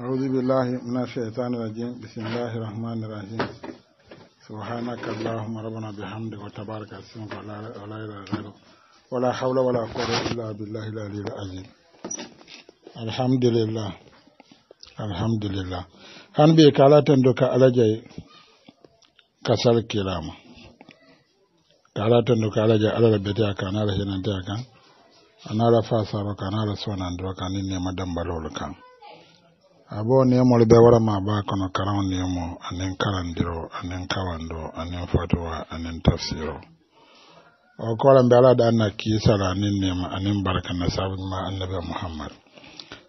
أعوذ بالله من الشيطان الرجيم بسم الله الرحمن الرحيم سبحانك اللهم ربنا بحمدك وتبارك اسمك ولا إله غيرك ولا حول ولا قوة إلا بالله العلي العظيم الحمد لله الحمد لله هن ɓe kalaten do ka alajaye kasal kilama kalaten do ka alajaye alala bete على kan ala henante anara fa saba ka anara sona ndura ka ma nema dambalol ka abo nemol wara ma ba kono ne nemo anen diro anen kawando anen fatuwa anen tafsiro o kolan be ala da anna kisala anen nema anen barka na sabu ma annabi muhammad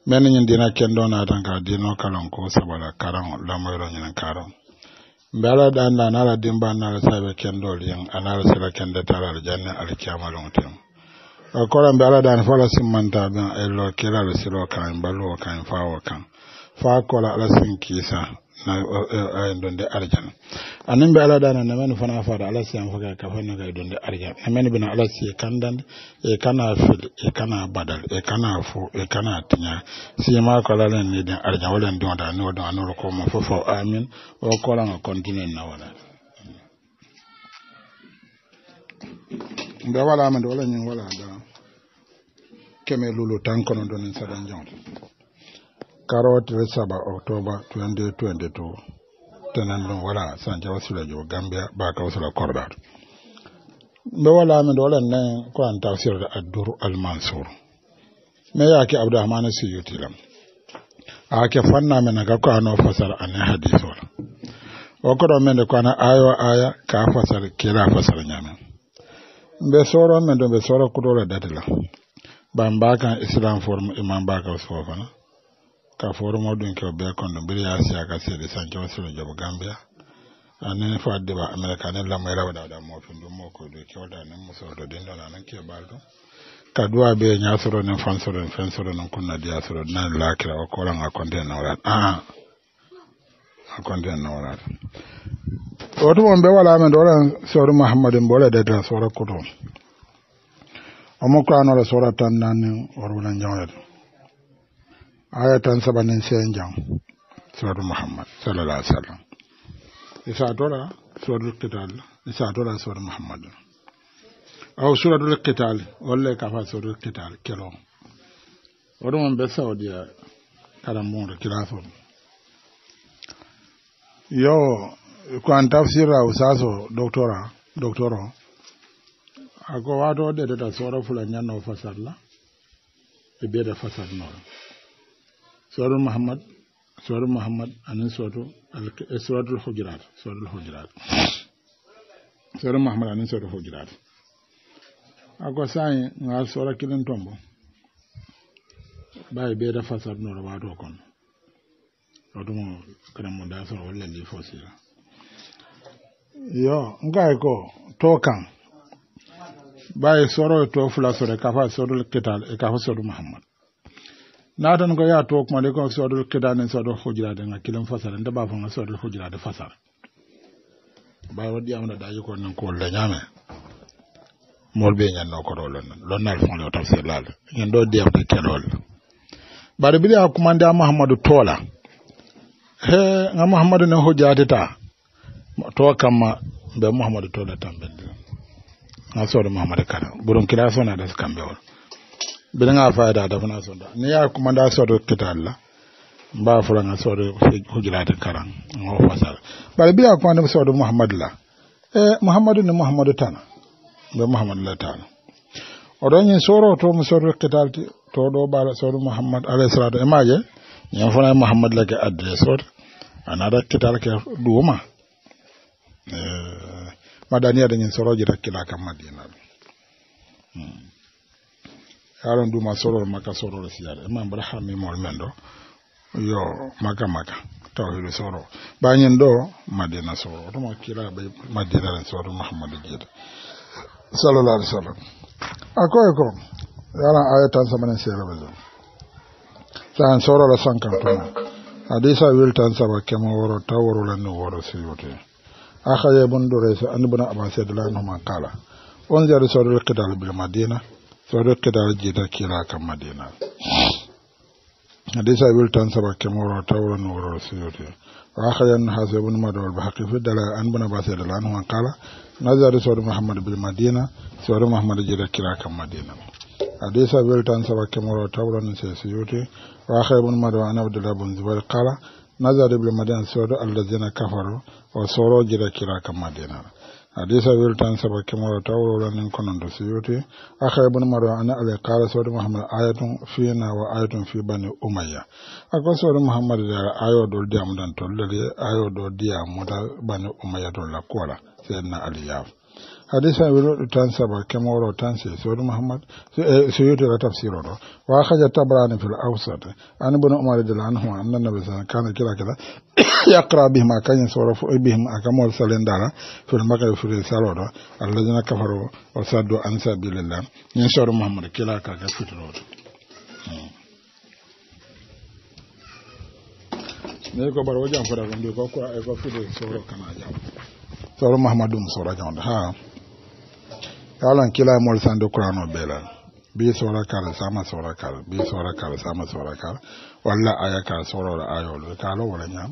men ñin dina kendo na tan ka dino kalon ko sabala karan lamoyro ñin karan mbe ala da anna la dimba anala sabe kendol yen anala sila kende tala aljanna alkiyamalon koran be ala ala ala kan kan kan fa kola ala sin arjan ala na men fana fada ala siyan faga ka fana ga donde arjan na ala e kana e kana badal e kana e kana ala ni den arjan da no don anur ko amin o ko la na wala be wala amande wala ñing wala da keme lulu tan kono don sadan jong karotre saba octobre 2022 tenen non wala sanke wasila jo gambia baka wasila korda. be wala amande wala ne ko an tafsirde addour almansour mais yaake abdourahmane siyutilam aake fanname naga ko an fasara an hadis ola o koɗo mende ko ana ayo aya ka fasar kira fasar nyamen n bɛ sɔɔrɔ mɛ dɔn bɛ sɔɔrɔ kodɔ la dati la ban b'a kan islam fɔrɔmu i man b'a kan sɔgɔ fana ka fɔrɔmu dun kɛ o bɛɛ kɔnɔ biri y'a si a ka se de san kɛmɛ sɔrɔ jɔbɔ gambia ani fa deba amɛrika ani lamɔyɛrɛ wɛrɛ da mɔfin dun mɔ k'o don kɛwɛrɛ ani muso dɔ den dɔ la ani kɛ b'a dun ka duwa bɛ yen n y'a sɔrɔ ni fan sɔrɔ ni fɛn sɔrɔ ni kun na di y'a sɔrɔ n'a ni la kira o kɔrɔ n ka kɔnte nɔgɔya a kɔnte nɔgɔya woto on ɓe walamen ɗo oɗon sewre mahammadin ɓe oɗa deden sora koto o mokkanoɗo sora tan nanni worwona jawrede aya tan saɓanin sen jam suratu muhammad sallallah alih w sallam isatoɗa suratul qital isatoɗa suratu muhammad aw suratul qital wale kafa suratul qital kelo Wani on ɓe sawdiya karan bunto kilasol yo kwan tafsira usaso doctora doctoro ako wato de da soro fulan yanno fasarla e be da fasar no soro muhammad soro muhammad anin soto suratul e hujurat hujurat soro muhammad anin soro hujurat ako sai ngar soro kilin tombo baye be da fasar no wato kon wato mo da soro wala li fosira yo ngai ko to kan baye soro e to fula sore kafa sodul kital e kafa e sodu e muhammad naatan ko ya to kuma le ko sodul kital ne sodul hujrade nga kilim fasara nda ba fa nga sodul hujrade fasara baye wadi amna daji ko nan ko le nyame mol be nyanno ko do lon lon nal fon le tafsir lal nyen do de abde kelol bare bi ya kuma nda muhammadu tola he nga muhammadu ne hujjatita to ma. ɓe muhammadu to da ɓedde na soodo mouhamadou kada kambe wa sona ɗas kamɓe da dafa na so da ni ya kuma da ba fura na so da hujira da karan o fasara kuma mbiya so da muhammadu la Eh muhammadu ni muhammadu tana ɓe muhammadu la tana odon yin soro to da kita kitalti to ɗo ɓaala soodo mouhamadou alayhi salatu e maje ñen la ke lake adresse Ana da kital ke ɗuma madaniya da ñin soroji madina hmm. yaron duma yo madina madina a koye ko yaran aya tan samanen san jom sahen sorola sankan tuma hadisa wil tan woro woro أخذ ابن دريس أن ابن عباس رضي الله عنهما قال انزل سور القتال بالمدينة سور القتال جيدا كلا كم مدينة حديث أبي التنسبة كمورة تورا نور السيوتي وأخذ النحاس ابن مدعو البحقي في الدلاء أن ابن عباس رضي الله عنهما قال نزل سور محمد بالمدينة سور محمد جيدا كلا كم مدينة حديث أبي التنسبة كمورة تورا نور السيوتي وأخذ ابن مدعو أن عبد الله بن زبير قال nazari bil madina sawdu allazina kafaru wa soro jira kira ka madina hadisa wil tan saba kemo tawro ran kunan da do siyuti akhay ibn marwa an ala qala sawdu muhammad ayatun fina wa ayatun fi bani umayya akwa sawdu muhammad da ayo do diam dan to le ayo do diam mota bani umayya to la kola sayyidina ali yaf حديث ابو تنسب كما هو تنسي سيد محمد سيد تفسيره واخرج الطبراني في الاوسط عن ابن عمر رضي ان النبي صلى الله عليه وسلم كان يقرا بهما كان يصرف بهما كما هو سالين في المغرب في الرساله الذين كفروا وصدوا عن سبيل الله ينشر محمد كلا كلا في الرساله نعم. نيكو بروجان فرغندو كوكو ايكو في الرساله كما جاء صلى محمد صلى الله عليه yalan kila mol sando kurano bela bi sora kala sama sora kala bi sora kala sama sora kala wala aya kala sora la ayo kala wala nyam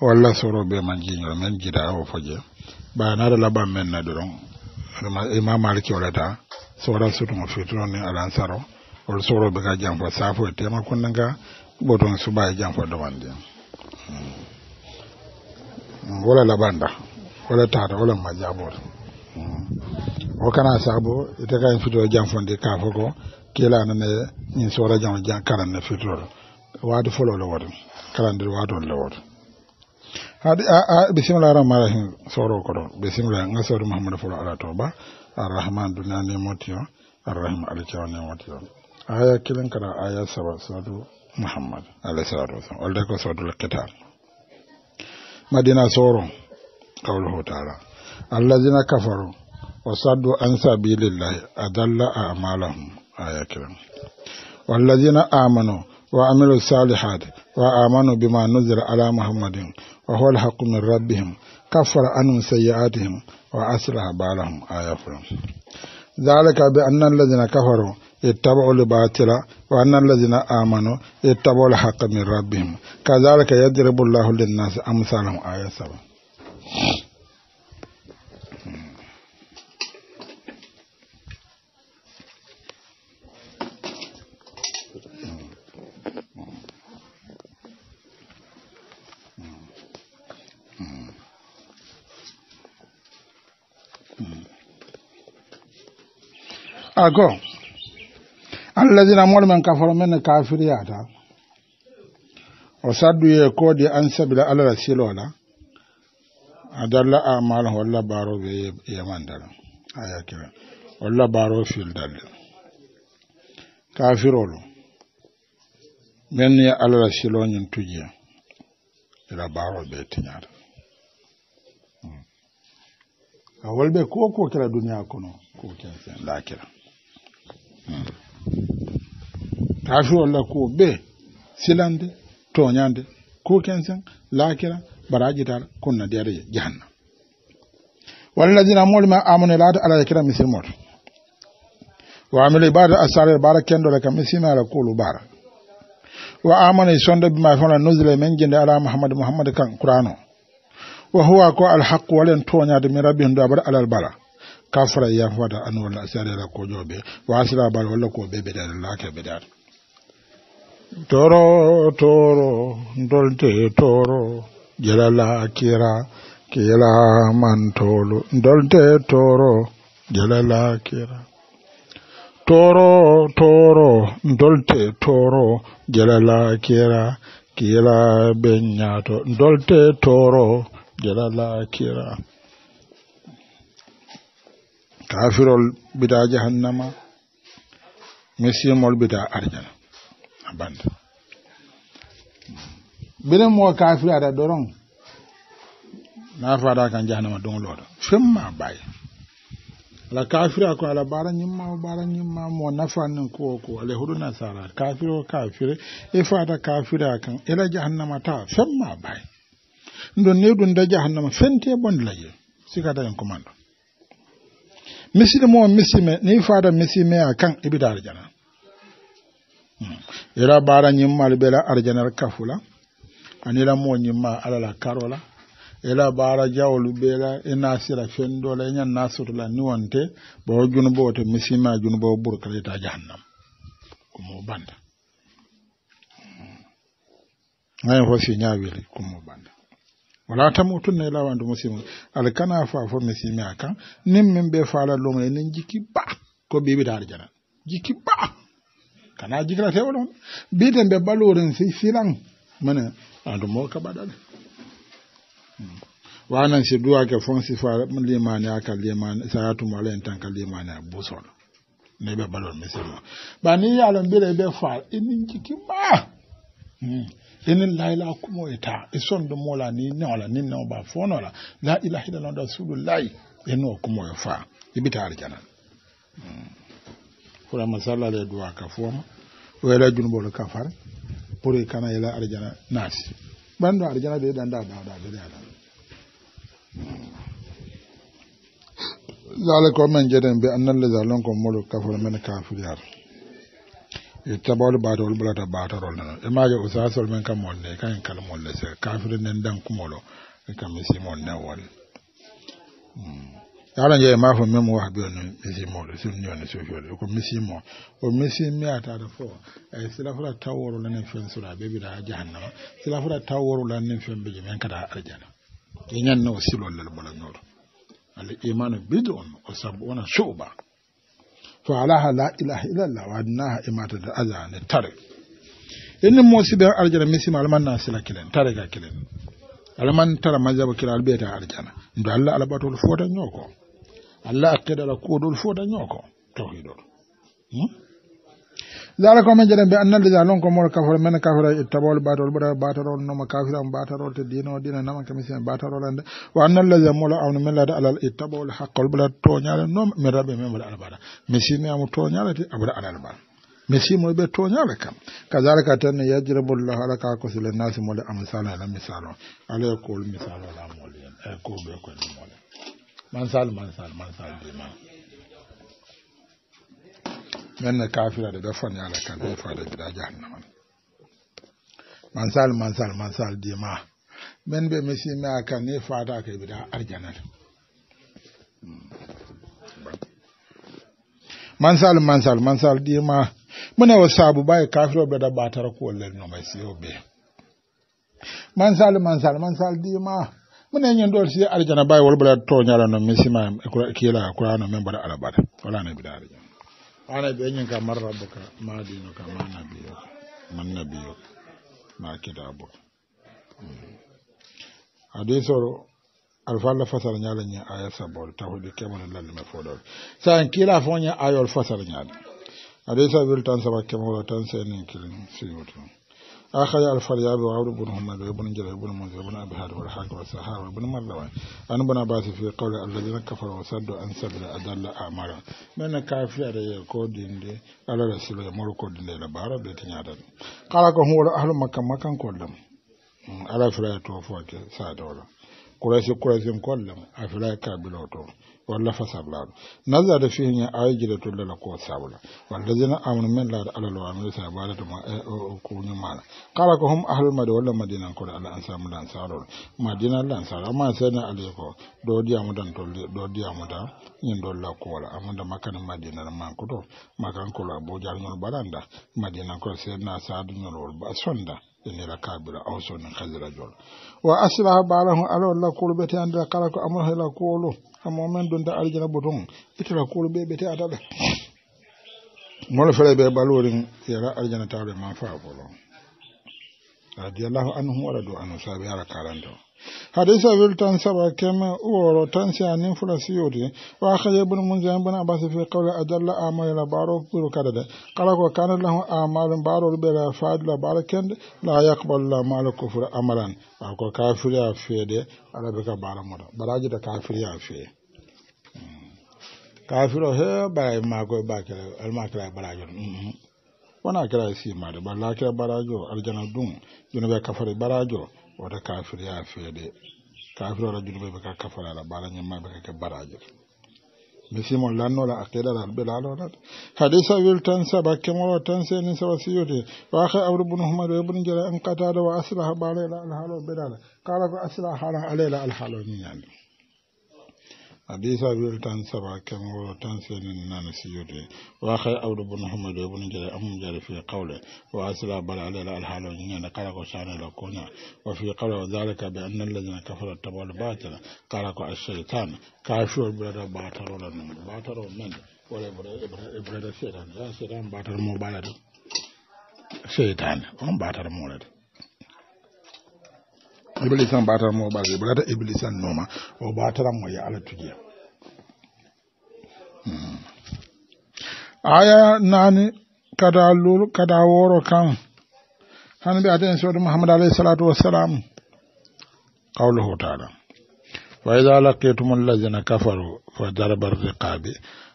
wala soro be man jiñol men jida o foje ɓanaɗo laɓan men na ɗoɗon ima maliki ta sora sutumo fitroni ni saro ol soroɓe ka janfo safo e ma kunnanga ɓoton suba e janfo domandi hmm. hmm, wala laɓanda wala tata wala majaboto o kana sabo ite ka en fito fonde ka foko ko kila na ne in sora jan jan karan na fito wadu folo lo wadu karan dir wadu lo wadu hadi a a bismillahir rahmanir rahim soro ko do bismillah nga soro muhammad folo ala toba rahman dunya ne motiyo arrahim alkiwa ne motiyo aya kilin kara aya saba sadu muhammad alayhi salatu wasallam walde ko sadu lakitar madina soro qawluhu ta'ala allazina kafaru وصدوا عن سبيل الله أدل أعمالهم آية كريم والذين آمنوا وعملوا الصالحات وآمنوا بما نزل على محمد وهو الحق من ربهم كفر عنهم سيئاتهم وأصلح بالهم آية فرم ذلك بأن الذين كفروا اتبعوا الباطل وأن الذين آمنوا اتبعوا الحق من ربهم كذلك يضرب الله للناس أمثالهم آية 7 ago ko alladina mol men kafaro men ne kafiriyata o saddu ye di an sabila ala la siloo la a dalla amalum walla baaro ɓe yemandala aya kira walla fil fildalle kafirolo men ya ala la siloo ñin tujje ila baro be tiñata hmm. a wolɓe ko ko kira duniya kono ko kira lakira tasu olla ko be silande toñande ko sen lakira baraji tar kunna dare jahanna walladina molima la ta ala yakira misilmoto wa amil ibada asare bara kendole kam misima ala kulu bara wa amana e sonde bima fona nuzle men jinde ala muhammad Muhammad kan qur'an Wahuwa wa huwa ko haqq walen toñade min rabbi bar abada alal bala kafra ya fada an wala asare la ko jobe wa asira bal wala ko be da la ke be da toro toro dolte toro jalala kira kila mantolo dolte toro jalala kira toro toro dolte toro jalala kira kila benyato dolte toro jalala kira kafirol bida jahannama misimol bida arjana a banda birin mo kafir ada doron na fada kan jahannama don lodo femma bayi la kafir ko ala bara nyimma bara nyimma mo nafa nin ko ko ala hudu nasara kafiro kafir e fata kafir kan ila jahannama ta femma bayi ndo ne dun da jahannama fente bon laje sikata en komando misiɗe mo misime ni fada misime a kan ibida arjana hmm. ira bara ñimmal bela arjanal kafula anira mo ñimma alala karola ila bara jawlu bela i e nasira fendola i e ñan nasutula ni wonte bo junubo to misima junubo burkala ita jahannam kumo banda hmm. ayi fo si ñawili kumo banda wala mutun ne la wandu musim alkana kana fa fo misimi akan nim min be fala lo mo enen jiki ba ko bibi da jana jiki ba kana jikra te wala bi den be baloren si silan mana andu mo ka badal hmm. wa nan si duwa ke fon si fa limani aka limani sayatu malen tan ka limani busol ne be balor musim ba ni yalon bire be fa enen jiki ba hmm. enen layla kumo eta e sondo mola ni nola ni no ba fo fonola la la ilaha illallah rasulullahi eno kumo yo fa ibita arjana fura masalla le duwa ka foma wela junbo le kafar pour kana ila arjana nasi bando arjana be dan da da da da da zalika man jadan bi annal zalunkum mulu kafir man kafir yar ittabalu batol bulata batorol nana e maje usasol men kam molle kan kala molle se kafir nen dan kumolo e kam simon ne wol yala je ma fo memo wa be no misimo lo sun nyone so jole ko misimo o misimi ata da fo e sila fura taworo lan fen sura be bi da jahannama sila fura taworo lan fen be men kada arjana yenyan no silol lal bolan nor al imanu bid'un wa sab'una shu'ba to alaha la ilaha illallah wa adnaha e matade aja nde tare enen mosiɓe ardiana misima almanna sila kilen tare ka kilen alaman tara majaba kila albiyete ardiana do allah ala ɓatol fotañoko allah akkeɗe ala kuwoɗol fotañoko tawhiɗol hmm? ko men jaɗen be annal ja lon ko moɗo kafore men e tabol batol ɓuura batarol noma kafira on batarol te dina o dina nama kami sen batarolande wa la ya mola men la da alal e tabol haqqol to ɓuura toñale men min raɓe min mbaɗa albaɗa mi to toñale te aɓuɗa alal baɗa mi simoy ɓe toñale kam kadalika tan yajirabullahu ala ka kosile nasi mole amsala ala misal o ala kol misal ala mole en e ko be ko man sal man sal man sal mansal man menne kafiraɗe ɓe foni ala kal ɓe faade giɗa jahannama mansal mansal mansal dima min ɓe mi simmi a kan ni fataka biɗa arjanal mansal mansal mansal dima mune o saabu ɓaye kafiro ɓeɗa ɓatara kuwollel nomay siyo ɓe mansal mansal mansal dima mune ñin ɗo si arjana ɓaye wolɓaɗa toñala no mi sima kila kurano min mbaɗa alaɓaɗa wala ne arjana ana ɓe ñin ka man rabbuka ma dinuka ma nabiyuka man nabiyuka ma kitabuka hadis hmm. oro alfalla fasara ñaala ñin aya sabol tahuɗi kemone lallume foɗol san kiila fo ñin ayol fasara ñaade hadis a wil tan saba kemolo tan senin kilin siwto أخذ الفريابي وعور بن همد وابن جرير وابن منذر وابن أبي هاد والحاكم والسحاب وابن مروان أنا ابن عباس في قول الذين كفروا وصدوا أن سبل أدل أعمارا من كافي علي يقول دي على رسول يمر كود دي لبارة بيتن يعدل قال هو أهل مكة مكة كلهم على فلا يتوفوا سادولا كرسي كرسي كلهم أفلا يكابلوا walla fa sablaɗo nazara fihi aya jiɗatolle la ko sabla wallazina amanu min laɗo allah lo amiri sa baɗata ma kuñumana kala ko hum ahlul madina walla madina koɗo ala dan lansarol madina lansar amma sene ali ko ɗo dan tolle ɗo diyamuda ñin ɗolla kuwola amada makkani madinana mankuto makankolo abojarñol ɓaɗanda madina ko sedna saduñol wol ba sonda la kabira awsonin jol wa asbaha ba'lahu ala la kuolo ɓete da kala ko amor hela kamo men donta aljana boton itara kolu ɓe ɓete ataɗa molo fere ɓe ɓalorin yara aljana taɗo ma fa folo radiallahu anhum waɗa ara karanto hadisa wil tan saba kema tan siyode wa khaje fi amal la baro kuru kala ko kana lahu amal baro be la barakend la yaqbal la mal amalan ko ala be ka bara baraji da kafir ya kafiro he bara ma mhm. ko ba kira alma kira barajo wana kira si ma da balla kira barajo aljana dun junube kafare barajo wata kafir ya fede kafiro la junube be ka kafara la bala nyamma be ka barajo misimol lannola aqidaɗa alɓelaaloɗat hadisa wiltan saba tan saba sawa wa akhe abdou bune wa ibne jara en qatada wa aslaha ɓalayla alhaalo ɓeɗala kala ko aslah haala alayla alhaalo ñiñande حديث أبي التان سبع كم هو تان سين نان سيوتي وآخر أول بن محمد بن جل أم جل في قوله وأسلا بل على الحال إن قال قشان لكونا وفي قوله ذلك بأن الذين كفروا اتبعوا الباطل قال الشيطان كاشور بلا باطل ولا من باطل من ولا بلا الشيطان يا شيطان باطل مو باطل شيطان هم باطل مولد iblisan batar mo ɓaga ibrata ibilisan noma o bataran mo ya ala tugiya hmm. aya nani kada lul kada woro kan hani ɓe aten soɗo muhammad alayhi salatu wa ida laqitum allazina kafaru fa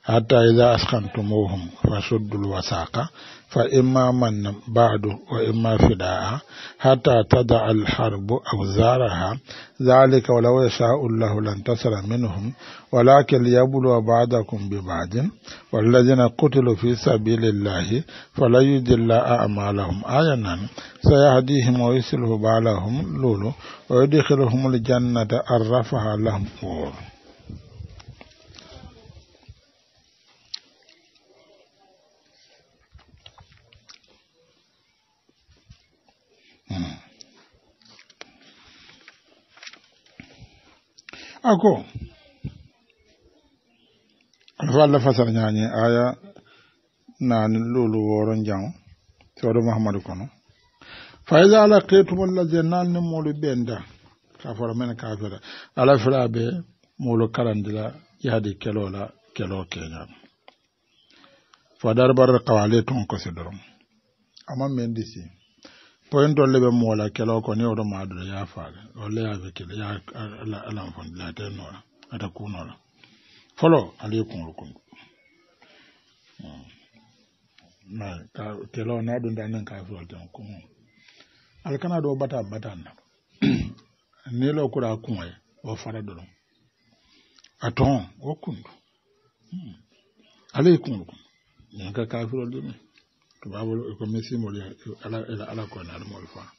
حتى إذا أسخنتموهم فشدوا الوثاق فإما من بعد وإما فداء حتى تدع الحرب أوزارها ذلك ولو يشاء الله لانتصر منهم ولكن ليبلو بعدكم ببعد والذين قتلوا في سبيل الله فلن الله أعمالهم آينا سيهديهم ويسله بالهم لولو ويدخلهم الجنة أرفها لهم فور Hmm. ako alfa allah fasara aya nani lolu woro jang soodo mahamadou kono fa ida benda kafara kafira ala fira be molu karandila yahdi kelola kelo keñam fa darbar kosi dorom poyin dolle ɓe moola kela ko ni oɗo maɗuɗo ya faale olle yaɓe kela ya alanfondila ate nola ata kunola folo ala ye kuŋol kundu kela o na ɗum danen ka fiwol ten kuŋo ala kana ɗo bata bata na nilo kura kuŋoye o fara doron a toŋo kundu ala ye kuŋol kundu ñanka kafirol ɗumen tubabol ko misimol ala ala ko fa. fana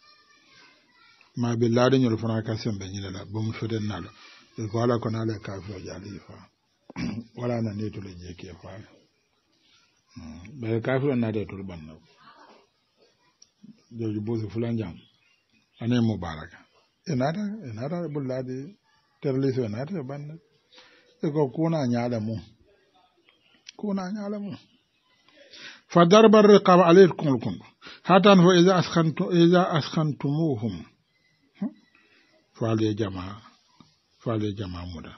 ma be laariñol fana ka sembe ñilela bom feten naala il faut ala kono ala kafio jaali fa wala fa tole hmm. jeeke faale ɓaye kafiro naade ban ɓanna joji bosi fulan jam ane mubaraka e naata e naata ta terlis o naata e ɓanna e ko kuna ñaala mum kuna ñaala mu. فضرب الرقاب عليه كنكم حتى هو إذا أسخنتم إذا أسخنتموهم فعلي جماعة فعلي جماعة مدى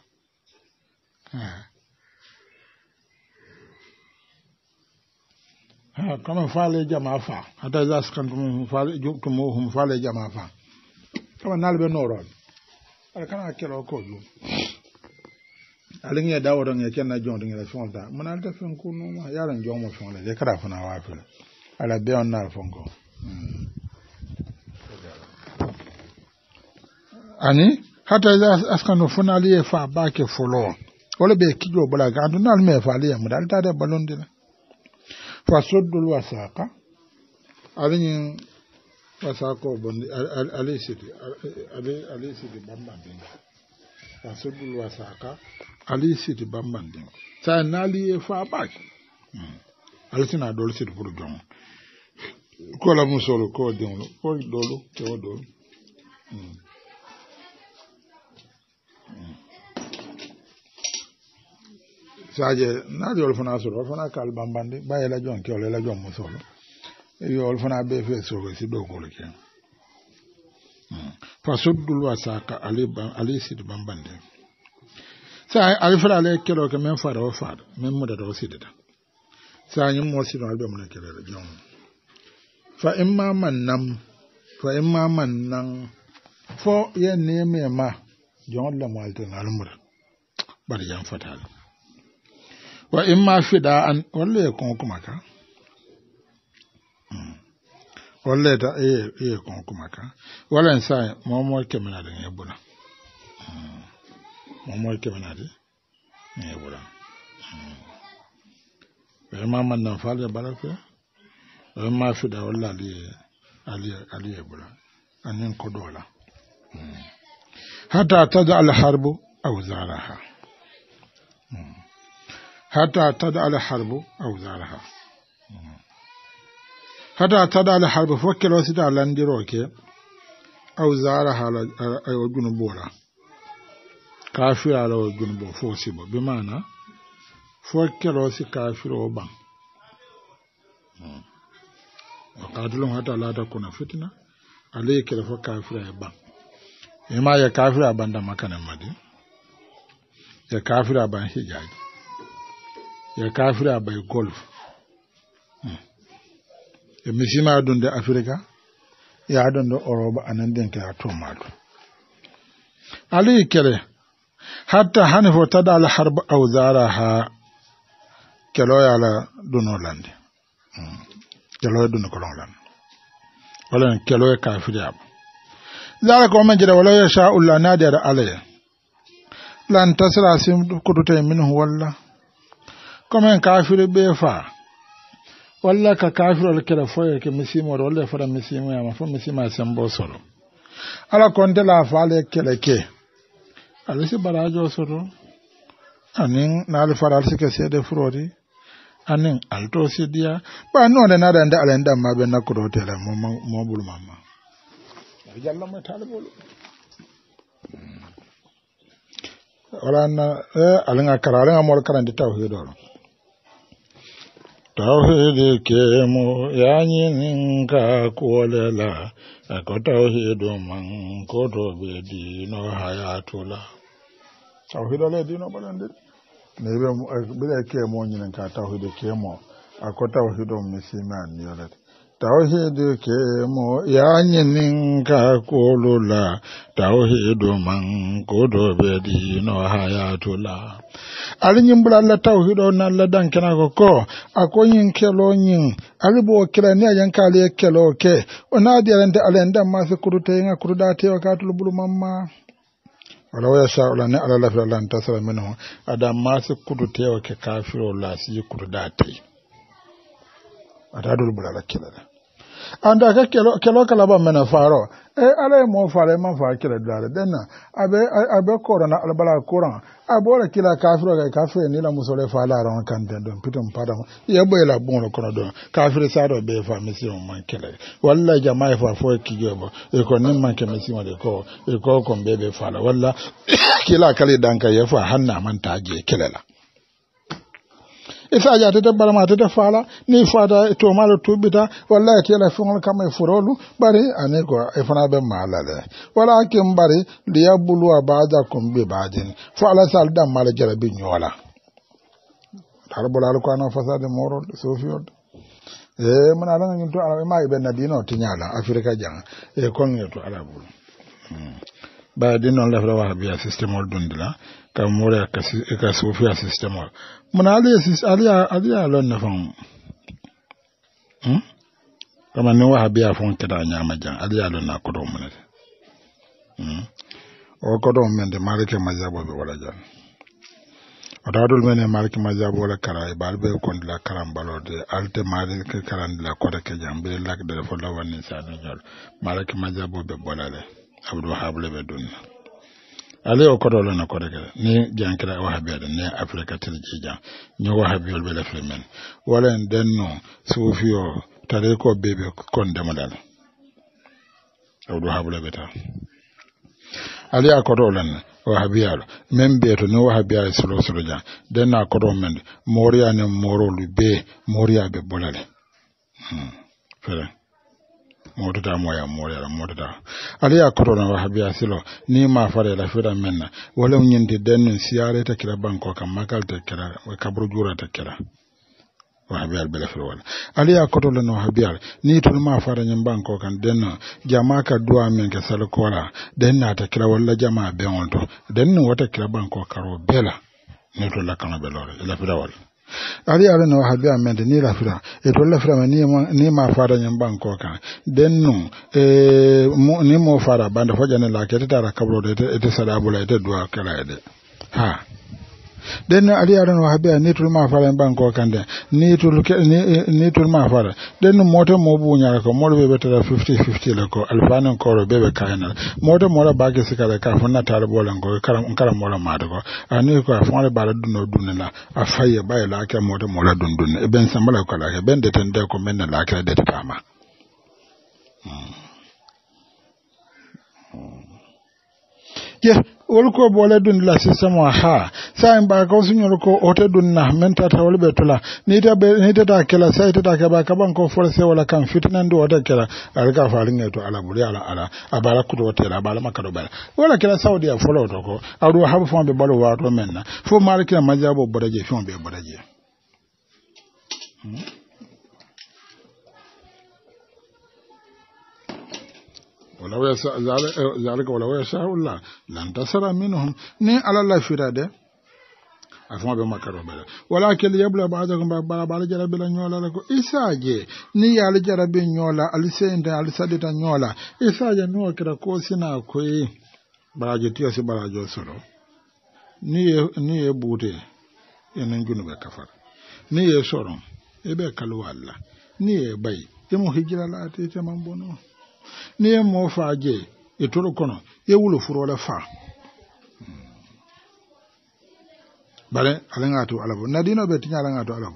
ها كما فعلي جماعة فا حتى إذا أسخنتموهم فعلي جبتموهم فعلي جماعة فا كما نالب نوران أنا كان أكل أكل alin ya dawo don ya kenna jon don ya fion da mun alta fion ko no ma yaran jon mo fion le kara fana wa fion ala be on na fion ko hmm. ani hata iza askano funali e fa ba ke folo wala be kijo bala ga dun al me fa le mu dalta da balon dina fa suddul wasaqa alin wasaqo bon alisidi alisidi bamma dinga sa sebulu ali siti bambandin sa nali e fa baki hmm. ali sina dol siti pour jom ko la solo ko demlo ko dolu ko dolu saje naati ol fana solo ol fana kal bambandi bayela jon ke ol ela jon musolo yo ol fana be fe sogo si dow kolo ken fasuddul wasaka ban sidi bambande sa alifara ale kelo ke men fara o fara men muda do sidi da sa nyi mo sidi albe mun kelo da jon fa imma man nam fa imma man nan fo ye ne me ma jon la mo altin almur bari yan fatal wa imma fida an walle kon kuma ka walla ta e eh, e eh, kon kuma kan hmm. hmm. eh, wala sa ke da ne ke da ne ma man nan fa da ma da ali ali ko dola hatta hmm. tada al harbu aw zaraha hatta tada al harbu aw zaraha hata tadala harbe fo kelo sita landiro ke aw zara hala eh, eh, o bora. kafiro ala o junubo Fosi bo bi mana fo kelo si kafiro o ban hmm. wa qatulum hata la kuna fitna alaye kelo fo kafiro e ban ima ya kafiro ban da makana madi ya kafiro ban hijaji ya kafiro ban golf hmm. e misima ɗum de africa ya ɗum ɗo oroba anan ɗen ka ya tommaɗum aliyi kere, hatta hani fo taɗa ala harba awdara ha kelo hmm. Kelo ya ya la keloyala ɗunolande keloye ɗuna kolonlande walan keloye kafiriyaba zalika omen jira wala ya yashaulla naadi aɗa alaye lan tasra sim kutute minhu walla komin kafiri be faa wala ka kafirol kela foye ke misimore fara e ya misimuyama fo ya sembo soro ala konde la faale kele ke alisi barajo soro anin naali fara alisi ke seede furodi anin alto sidiya ɓa nonde naɗande alen ɗamma ɓe nakkudotele mobul mamma jallamo wala walanna eh, alaga kara alaga mol karandi tawhidolo tawhidi ke mu yanyi ninka kuolela ako tawhidu man koto be dino hayatula tawhido le dino balande ne be eh, bile kemu mo nyinin ka tawhidu ke mo ako tawhidu misimani yolete tawhiduke mo yaanyininka kulula tawhidu man kudobe diino hayatula ali ñimbula allah tawhido na allah dankinako ko ako ñin kelo ñin ali bo kela ni ayan kaali ye kelo ke o naadi alante ala en dan maasi kuruteyinga kuruɗa tewa katulu bulu mamma wala waya sahula ni ala lafira lantasara minu adan maasi kudu tewa ke kafiro la siyi kuruɗa tey A adadul bulala kilala an ka kelo kalaban kala ba mena faro e ala mo faro man fa kila dala denna abe abe korona albala koran abora kila kafiro ga kafiro ni la musole fa la ron kan den don piton pada ya boy la bon ro kono don kafiro sa do be fa misi mo man kele walla jamaa e fa fo e ki jobo e ko nim man ke misi de ko e ko kon be be fa la walla kila kali danka ya fa hanna man taje kele la isa jatete barama tete fala ni fata tomalo tubita wallahi kela fiŋol kama e furolu bari ani ko e fana be mala le bari liyabuluwa badakum bi badin fo ala sal dammala jarabi ñoola harbol alkuano fasade morol sofiyode e mona alanga ñum to ala ma nadino jang e to ala bulu hmm. ba ɓaya ɗin noon lafra wahabiya systéme ol dundila ka mure ka suufiya systéme ol muna aliya lon ne fon hmm? kama ni wahabiya fon keɗa ñama jan aliya lon na ne munete hmm? o koɗo mun de malike be wala jan o da dul mene malike majabo wala karay bal be kon la karam balode alte malike karandila koɗe ke jan lak de fo lawani sa lawanni jol malike majabo be bolale abdulwahab le ɓe dunna ala o koɗo lona koɗo kede ni jankira wahabiyade ni afrique tirji jan ño wahabiyol ɓe lefle men wala en ɗen no sufiyo tare ko beɓe kon demoɗal abdulwahab le ɓe ta ala ya koɗo lonna wahabiyaɗo min mbiyeto ni wahabiya e solo solo jan den na koɗo men moriya nen morolu be moriya be bolale hmm, fere moduda moya moyara y'a aliya na wahabi habiya silo ni ma fare la fira menna wala nyindi dennu siyare ta kira banko kam makal ta kira kabru jura ta kira wahabi habiyal bela fira wala aliya kotola no habiyal ni tul ma fara nyim banko kan denno jama ka duwa men ke sal kola denna ta kira wala jama be onto denno wata kira banko karo bela ni to la kana belore ila fira wala ari ala no hadde amende ni lafira e to lafira ma ni ma fara nyam banko kan den no e ni mo fara banda fojane la kete tara kabro de te e sada bula e te dua kala e de ha den ari aran wa habia ni tul ma fara ban ko kande ni tul ni tul ma fara den mota mo bu nya ko mo be be tara 50 50 la ko alfanan ko ro be be kainal mota mo ra ba ke sikala ka fonna tar bolan ko karam karam mo ra ma ko ani ko fa mo ba dunno dunna la afaye ba la ka mota mo ra dun dun e ben sambala ko la ke ben de ten de ko men la ka de ta ma hmm. hmm. wol bole dun la si o ha sa en ɓa kaw siñol ko ote dunna min ta wol ɓe tula ni ta kela sa tata keɓa kaɓan ko forcé wala kan ndu ote kela ala ka fa aliŋe to ala buri ala ala abala bala kuto abala a bala makaɗo wala kela sawdiya folo to ko aɗo haɓa fon ɓe balo wato mena na fo maari kila majabo boɗa je fewo ɓe Hmm? ولو يسع ذلك ولو يشاء الله لانتصر منهم ني على الله فرادة afuma be makaro bala walakin yabla ba bala bala jara bala nyola lako isaje ni yali jara be nyola alisende alisadita nyola isaje no kira ko sina ko e. barajo tiyo si barajo soro ni ye ni ye bute enen junube kafar ni ye soro ebe kalwalla ni ye bay imo hijra la atete mambono ni ye moo faa jee i e toro kono ye wolo furo le faa ala ŋa to ala bo nadino be ala ŋa to ala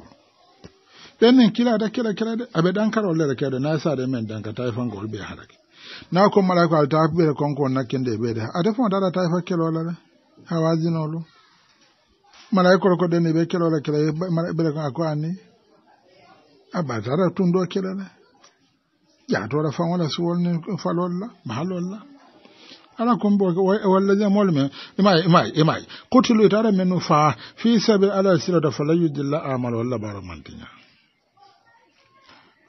nin na sade men na ko mala ko alta ɓere konko on nakkinde ɓeede ate fo dara tawi fa kelola le hawasinolu mala kolo ko ɗen ni ɓe kelola kela ɓere ko a ko anni a yatore fan wala suwolni falolla mahalolla ala kon bo walla jamol men imay imay imay kutulu itara men fa fi sabil ala sirata fala yudilla amal walla baro mantinya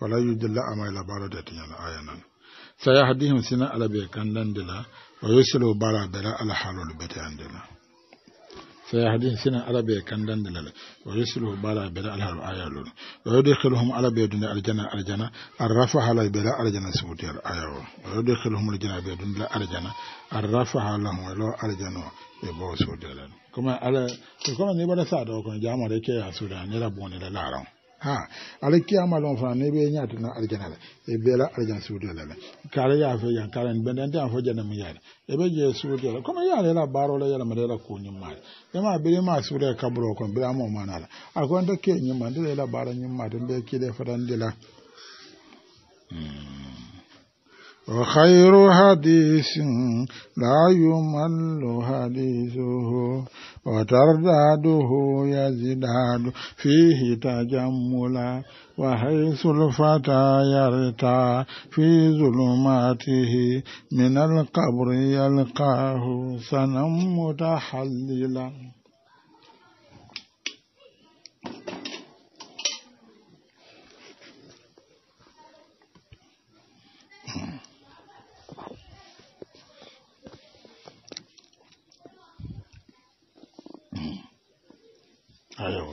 wala yudilla amal la baro detinya la ayanan sayahdihim sina ala be kandandila wa yusilu bara bela ala halul betandila sai hadin sina arabe kan dan dalal wa yusru bala bila al harb ayalun wa yadkhuluhum arabe dun al janna al janna ar rafa hala bila al janna sibuti al ayaw wa yadkhuluhum al janna bila ne bada sa da ko jama'a da ke ya sura ne rabu ne da laran ha ala kiyama lon fana ne ɓe tuna aljana e la e beela aljana suudola la kare yaa fe yan kala bendente an fo jana mu yaade eɓe je suudola comme yaade la barola yalamata ela kuñimmaade ema birima suude kaburo kon biramo manala a konta ke ñimma ndela ela bara ñimmade mbe kiide fotandila وخير حديث لا يمل حديثه وترداده يزداد فيه تجملا وحيث الفتى يرتى في ظلماته من القبر يلقاه سنا متحللا هذا هو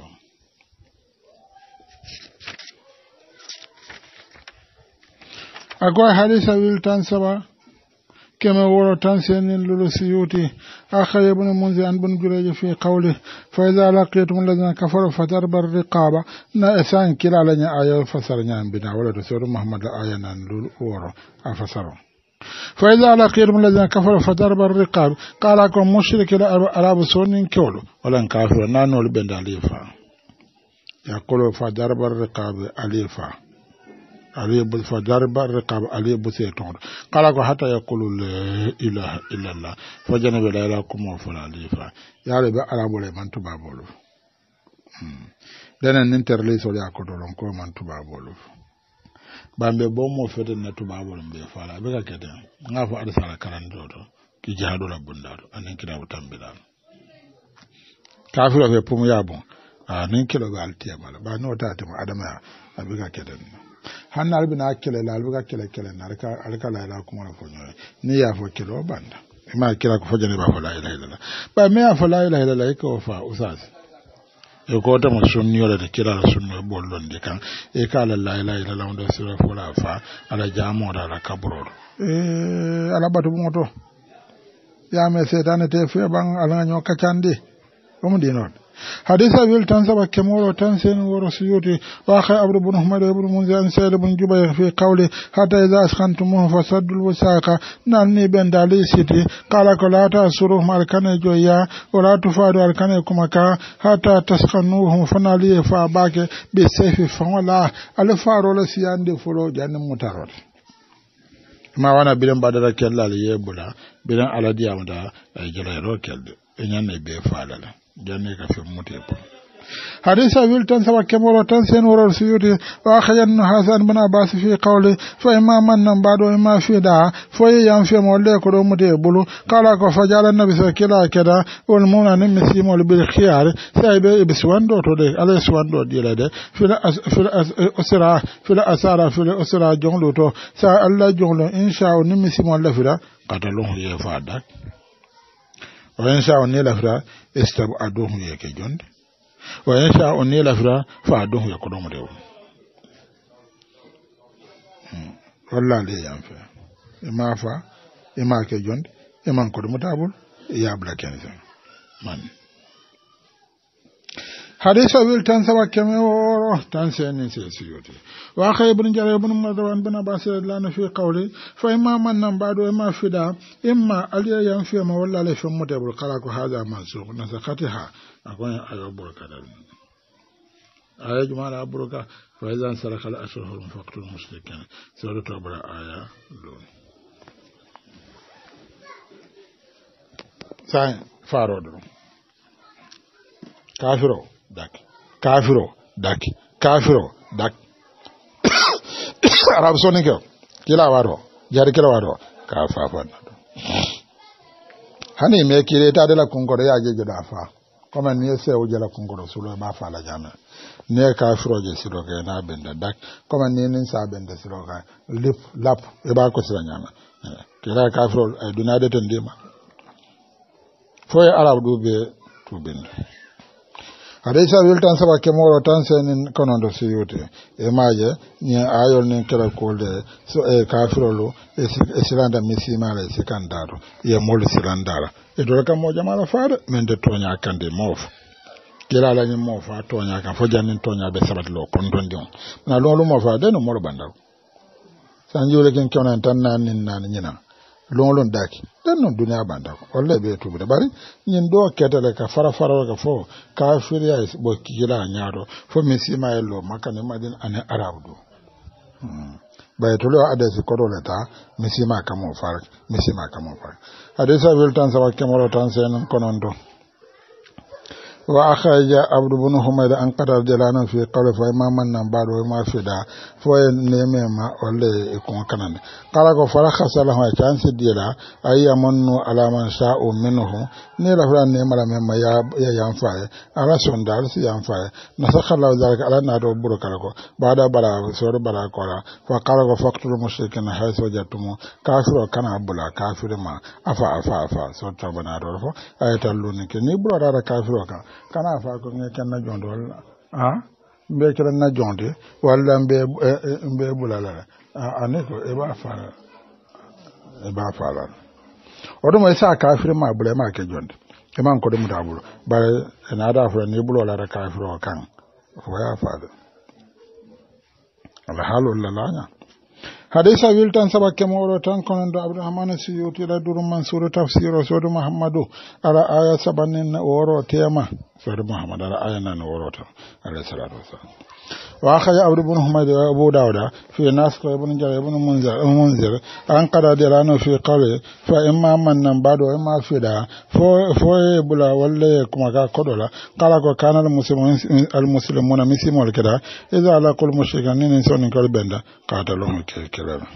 أقوى حديث ويلتان سبا كما ورو تنسين للسيوتي آخر ابن منذر عن بن جريج في قوله فإذا لقيتم الذين كفروا فضرب الرقابة نا إسان كلا لنا آية فسر نعم بنا ولا تسير محمد آية نان للورو أفسروا فإذا لقيتم الذين كفروا فضرب الرقاب قال أكون مشرك الأراب سونين كولو ولن كافر نانو البند أليفا يقول فضرب الرقاب أليفا أليب فضرب الرقاب أليب سيتون قال أكون حتى يقول لا إله إلا الله فجنب لا إله كما فلا أليفا يا رب أراب لمن تبابولو دانا ننتر ليسوا لأكدولون كما تبابولو ɓamɓe bon mo feten na tubabol mbe fala aɓe ka kete ga fo aɗa sara karanɗo to ki jahaɗo rabbundaɗo anen kirabu tambiɗaɗo kafiro fe pumu ya bon anin kiloɓe la. Ba no t'a tatimo adamaya aɓe ka ketenno hanna alɓe na la. alɓe ka kele kelena alka layla fɔ fo ñoye ni ya fo kele o I ima kira ko fojane b'a fo la ilaha illallah Ba me ya fo la ilaha illallah ko fa usasi e goto mo sonniyorede kilala sunno wa ɓollondi kan e eh, kala layla ila lamdo sira fola fa ala jamoɗo ala kaburolo e eh, ala batu ɓumo to yame setane te feɓan alaga ño kaccandi omo ɗinode حديث أبي التنسب كمور تنسين ورسيوتي وآخر أبر بن حميد بن منزي أن سيد بن جبير في قوله حتى إذا أسخنتموه فسدوا الوساقة نالني بن دالي سيتي قال لا تأسروهم أركان جويا ولا تفادوا أركان كمكا حتى تسخنوهم فنالي فأباك بالسيف فولا ألفارو لسيان دي فلو جانم متغل ma wana bidan badara kella le yebula bidan aladiya mata ay jala ro kelde enyanne be falala jani ka fi mutu ya tan sa wakke molo tan sen woror suyuti wa khajan nan bado do mude bulu kala ko fajala nabi sa kila keda estabu adohu yake jonde wa yasha on ne lafira fa adohu ya ɗomo rew walla nde yam fe ima fa ima ke jonde iman ko ɗumo ya yaɓla ken حديث أبيل تنسوا وكما يورو تنسي نسي سيوتي وأخي ابن جرى ابن مروان بن عباس لنا في قولي فإما من بعد وإما فدا إما ألي ينفي ما ولا لي في مدب القلاق هذا منسوخ نسختها أكون أيوب بركة أي جماعة أبركة فإذا انسرق الأشهر فقط المشركين سورة أبرا آية لون ساين فارو درو كافرو dak kafiro dak kafiro dak arab soni ke kila waro jari kila waro ka fa hani me kire ta de la kunkoro ya je da fa kama ni se o je la kunkoro sulo ba fa la jana ne kafiro je siro ke na benda dak kama ni nin sa benda siro ka lip lap e ba ko sira nyama eh, kira kafiro eh, dunade ton dima fo ya arab do be tubin hadaisa wiltan saba kemoro tan senin konondo siyute e maje ni ayol nin kera kolde so e kafirolu e, e silanda misimala e sikandaro ye molu silandara e dole kam mo jamala faade men de tonya kande mof kira la ni mo tonya kan fo jannin tonya be sabat lo kondon dion na lolu mo fa de no moro bandal sanjule ken kyonan tan nan nin nan nyina longolon daki ɗen noon duniya ɓanta walla ɓe tubude ɓari ñin ɗo ketele ka fara farolka fo ka suriya ɓo kikila ñaato fo mi sima e lo makka ni madin ane arabe ɗo ɓay tolo adesi kotole ta mi sima kamo far mi sima kamo far adesa wel tan sawa kemoro tan sen konon to wa akhaja abdu bin humayda an qadar jalana fi qawli fa imam man nan ba do ma fi da fo ye ne me ma wala e kon kanan kala ko fara khasala ha tan se dira ay amannu ala man sha'u minhum ne la fara ne mala ma ya ya yan ala son dal si yan fa na sa ala na do buru kala ko ba da bara so do bara ko la fa kala ko faqtul mushrikin ha so jatumu kafiro bula kafir ma afa afa afa so tabana do fo ay tan lu ne ke ni bura da kafiro ka kana fa ko ngi kenna jondo walla ha mbe kira na jonde wala mbe e, e, mbe bulala ane ko e ba fara e ba fa fara o ɗum sa kafir ma bula e ma ke jonde e man ko ɗum ta bulo bare ena da fura ni bulo lara kafir o kan fo ya fara ala halo lalaña hadisa wiltan sabake moɗo tan kononɗo abdourahmane siyutira durum man suru tafsir o sodu muhammadu ara aya sabanin woro tema fere muhammad ala ayan na alayhi salatu wa abdu ibn humayd wa abu dawuda fi nas ko ibn jar ibn munzir ibn munzir an fi fa imma man nan badu imma fi fo fo bula walla kuma ga kodola kala ko kana al muslimun al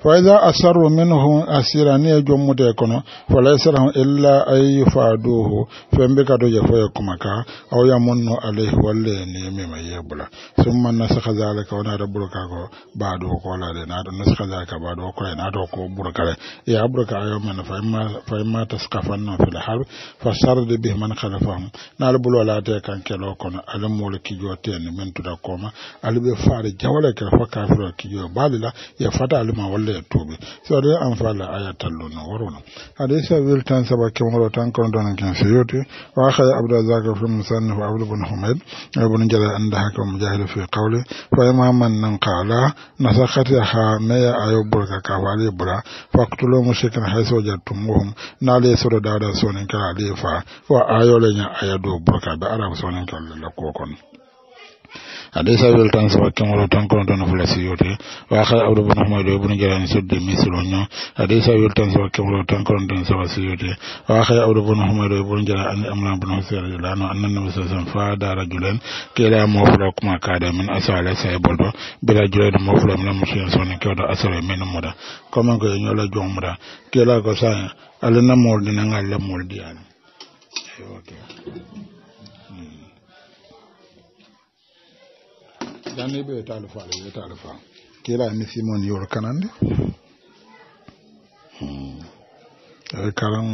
فإذا أسروا منهم أسيرا نيجو مدكنا فليس لهم إلا أن يفادوه فإنبك دوجة فيكمك أو يمن عليه والليني مما يبلا ثم نسخ ذلك ونار بركاكو بعده قولا لنار نسخ ذلك بعده قولا لنار ko burkare ya burka ayo mana fa imma taskafan fi al-harb fa sard bi man khalafahum nal bulo la te kan kelo kon al mulki joten min tuda koma ya fata ma walla e tuuɓi an anfala aya talluno worono warona sa bil tan saba kemoro tan kono don kan so yewti wa haya zakar fi musannif bin humayd humaid ebone jala da haka mujahida fi fa ma man nan qala ya ha ya ayo burka ka wali bura faktulo mushrikin hayso jattumuhum naale soro dada sonin ka alifa fa wa ayole nya aya burka da arab sonin kala la ade sa wel tan sa wakki ngolo tan ko tan fula si yote wa kha abdu bin ahmad do bun jara ni so de mi so nyo ade sa wel tan sa wakki ngolo tan ko tan sa wa si yote wa kha abdu bin ahmad do bun jara an amra bin husayn radhiyallahu anhu anna nabiy sallallahu alaihi wasallam fa da rajulan kila mo fula kuma ka da min asala sa e boldo bi rajulan mo fula min musulmi so ne kewdo asala min muda kama ko nyo la jom muda kila ko sa alina mordi na ngalla mordi ala okay janni ɓe taali faale ɓe taali fa kila ni simon yor kanande hmm. karan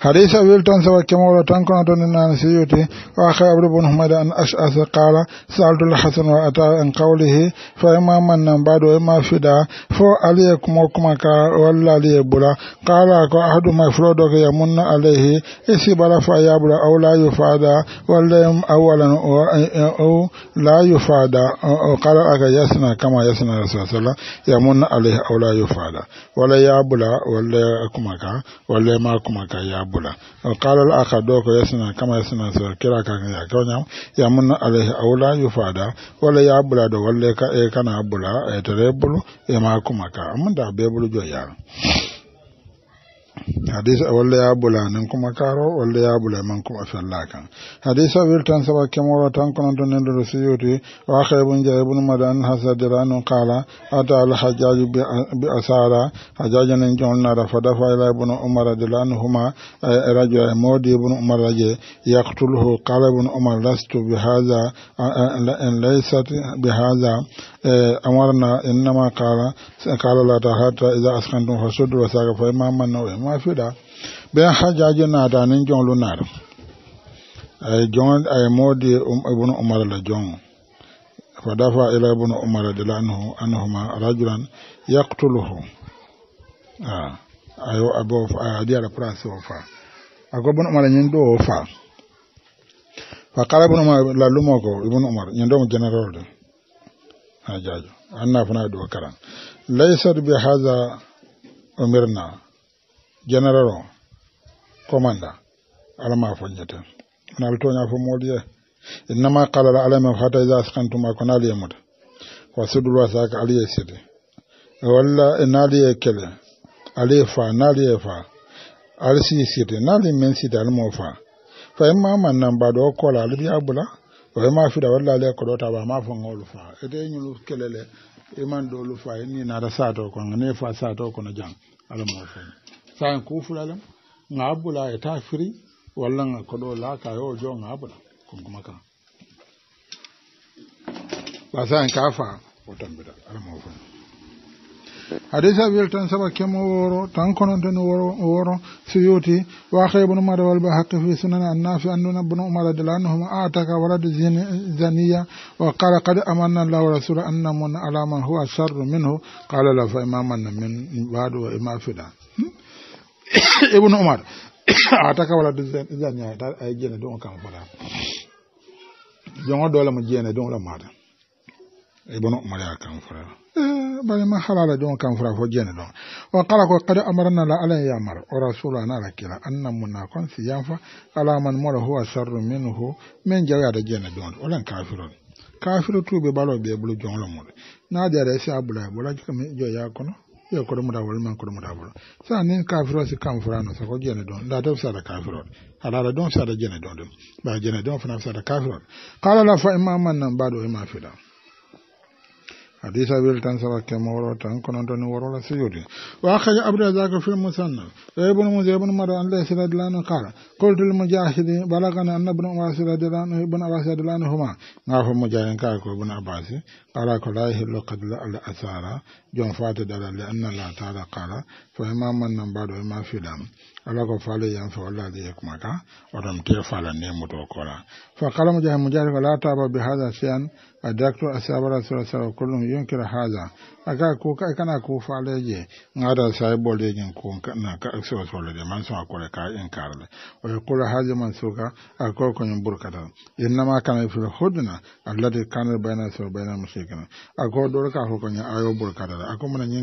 حديث أبي سوى كما ولا تنكن تنين سيوتي وأخي أبو بن حمد أن أشأث قال سألت الحسن وأتى عن قوله فإما من بعد وإما فدا فو عليكم قال ولا لي بلا قال أكو أحد ما يفرودك يمن عليه إسي بلا فيابلا أو لا يفادا ولا أولا أو لا يفادا قال أكا يسنا كما يسنا رسول الله صلى الله عليه وسلم يمن عليه أو لا يفادا ولا يابلا ولا كما ولا ما كما ka ya bula alqalal aka do ko yasna kama yasna so kira ka ya kanya ya mun alaihi aula yufada wala ya bula do walle ka e kana bula e tare bulu e ma kuma ka amma da be bulu jo ya hadisa ya bula nan kuma karo wanda ya bula man kuma fella kan hadisa wil tan saba kemora tan kono to nen do siyoti wa khaybun jaybun ibn madan hasadiranu qala ata al hajjaj bi asara hajjaj nen jonna da fada fa ila ibn umar radhiyallahu huma rajo modi ibn umar raje yaqtuluhu qala ibn umar lastu bi hadha an laysat bi hadha e, amarna inma qala qala la tahata idha askantum fasuddu wa saqa fa imamna wa ma fi da fiɗa ɓen hajaji naata nin jonlu naata ay jon ay moodi um, ibnu umar la jon fadafa ila ibnu umar radila anhu ma rajulan yaqtuluhu a ayo abo adi ala prince o fa ako ibnu umar ñin ɗo o fa fa kala ibnu umar la lumo ko ibnu umar ñin ɗomo general de hajajo anna fana do karan laysa bi hadha umirna general o commanda alama foñeten na ɓe toña fo moɗiye innama kalala alame hata ida askantuma ko naali e muta wa sudul saka ali yasidi walla inna e yakala ali fa na e fa ali si yasidi na naali men si dal mo fa fa imma man nan ba do kola bi abula wa o fi da walla ali ko ta ba ma fo ngolu fa ede nyulu kelele iman lu fa ni na nata sato ko ne fa sato na jang alamo foñe sayin kufulalem ga bula e ta biyar walla ga koɗo laaka yo jo ga bula konkuma kan ba sayin a fa o tambita alamo fo hadisa wel tan saba kemo woro tan kononten woro woro so yowti waqa ibnu umara wal bahaqi fi sunan annafi annuna ibnu umara dalanahuma ataka walad zaniya wa qala qad amanna llahu wa anna mun ala man huwa sharru minhu qala la fa min ba'du wa ima ibnu umar ataka zan y'a ta ay jene don kan fara jongo dole mu jene don la mata ibnu umar ya kan fara eh, bari ma halala don kan fara fo jene don wa qala ko qad amarna la ala ya mar wa rasulana la kila anna munakon siyanfa ala man mara huwa sharru minhu men jawya da jene don wala kafirun kafiru tuɓe balo ɓe ɓolo jonlo mum naade ara sha bulai ɓola jikami jo kono ya koɗo muɗa wol man koɗo muɗa wol sa nin kafiro si kam na sako jene ɗon lataw sada kafirol alaala don sada jene ɗon ɗum ɓa jene ɗon fana sada kafirol kala la fa imaman nan ma fi fiɗa hadisa wel tan sarake mawro tan kono to ni worola siyudi wa akhraja abdu razak fi musannaf wa ibn muzay ibn mara ko ibn abbas qala ko la yahillu asara jon fata dala li anna la nan bado ma filam ala ko فقال مجاهد مجاهد فلا تابع بهذا شيئا الدكتور أصحاب رسول الله صلى الله عليه وسلم ينكر هذا aka ko kai kana ko fale je ngada sai bole jin ko na ka so so le man ko la haje man so ka a ko ko nyum burkata inna ma kana fi hudna allati kana baina so baina mushrikin a ko dor ka ko nya ayo ko mun nyin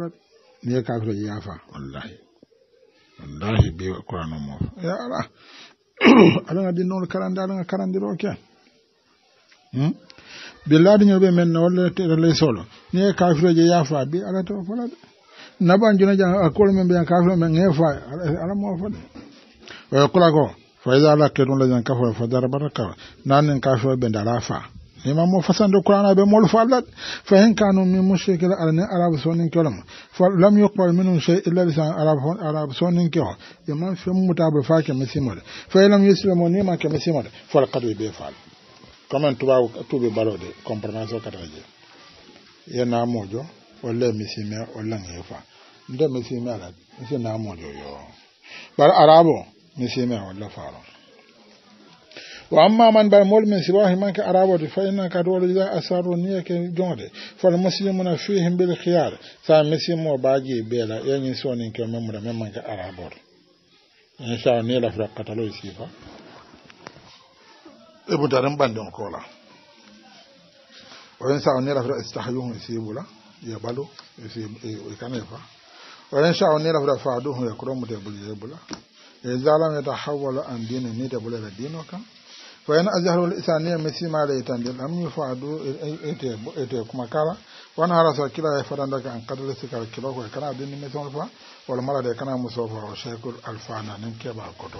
kafiro ni ye kafiro yafa wallahi wallahi be qur'ano mo ya ala ala ngadi noon karande ala nga karandiro ke hmm billahi ñoɓe men no walla ley solo ni ye kafiroje yafa bi ala to fola de naban jona jan akkolo men mbiyan kafiro men ge fa ala mo fode oyo kula ko fa ala la jan kafo fa fa imamo fasande qur'ana ɓe mol fo allah fa hen kanu min mushrikil arani arabe soninke olom fa lam yukbal minum chey illa lisan arabe on arabe soninke o iman femmutaɓe fa keme simode fa ke yuslimo nima keme simode fol kadwe ɓe faal commen tubaw tuuɓe balode comprenance o kataje yena mojo walla misime wallange fa nde misime ala misi namojo yo bar arabe o misime walla faaron وأما من بر مول من سواه من كأراب فإن كدول إذا أسروا نية كجوده فالمسلمون فيهم بالخيار سام مسلم وباقي بلا يعني سوني كممر من من كأراب إن شاء الله نيل أفرق قتلوا يسيفا إبو دارم بندون كولا وإن شاء الله نيل أفرق استحيوهم يسيبولا يبالو يسيب يكنيفا وإن شاء الله نيل أفرق فعدوهم يكرموا تبولي إذا لم يتحول عن دين نيل أفرق دينوكا wayan ajahrul isaniya misima da itande lam yufadu ete eh, ete eh, eh, kuma kala wani harasa kila ya faɗan ka an kadar su kar kila ko kana dinni misan fa wal mara da kana muso fa wa shaykul alfana nin ke ba koto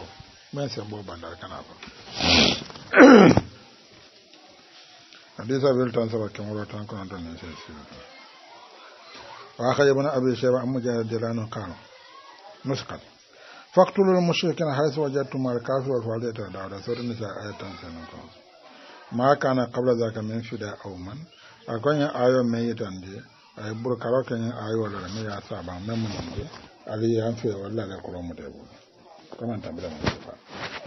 men sen bo bandar kana ba hadisa bil tan sabak kamar tan kana tan ne sai shi wa khaybuna abi shayba amma jara dilanu kana muskat faktulul mushrikina haythu wajadtum al-kafira fa la tadawla sura nisa ayatan sanan ko ma kana qabla zaka min fida aw man akonya ayo me yitande ay bur karoke ni ayo la me ya saba me mun de ali ya fe walla le ko mo de bu kama tambira mo fa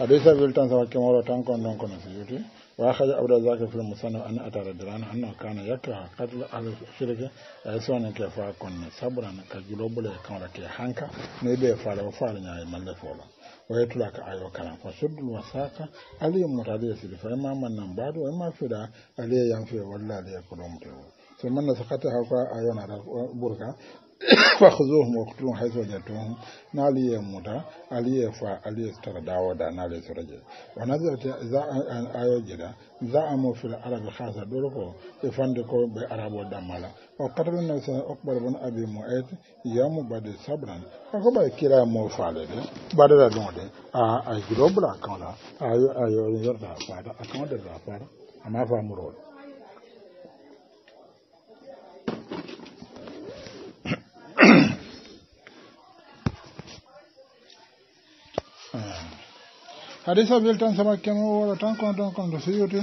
adisa wil tan sa ke moro tan kon non su yi yuti wa ka zai aure zaka fi musanan ana a tare da rana hannu kana ya ka kadla a shirka a yi sauran ke fara kwanan sabura na kaji lobula ya kama da ke hanka na yi bai fara fara na yi mallafa ba wa ya tula ka ayo kana kwasu da wasa ka aliyu mutu da ya sirri fa ina man nan ba da wani ma fi da aliyu yan fi wallada ya kudo mutu. sannan da sakata hakuwa a yau na da burka fakhuzuhum waqtuluhum haythu wajadtuhum naaliye muta aliye fa aliye tara dawoda naaliye soraje wa za an ayojira za amu fil ko e fande ko ɓe arabo abi mo ayt sabran ako kira mo a a juro hadisa bil tan sama kemo wala tan ko don kon do fiyuti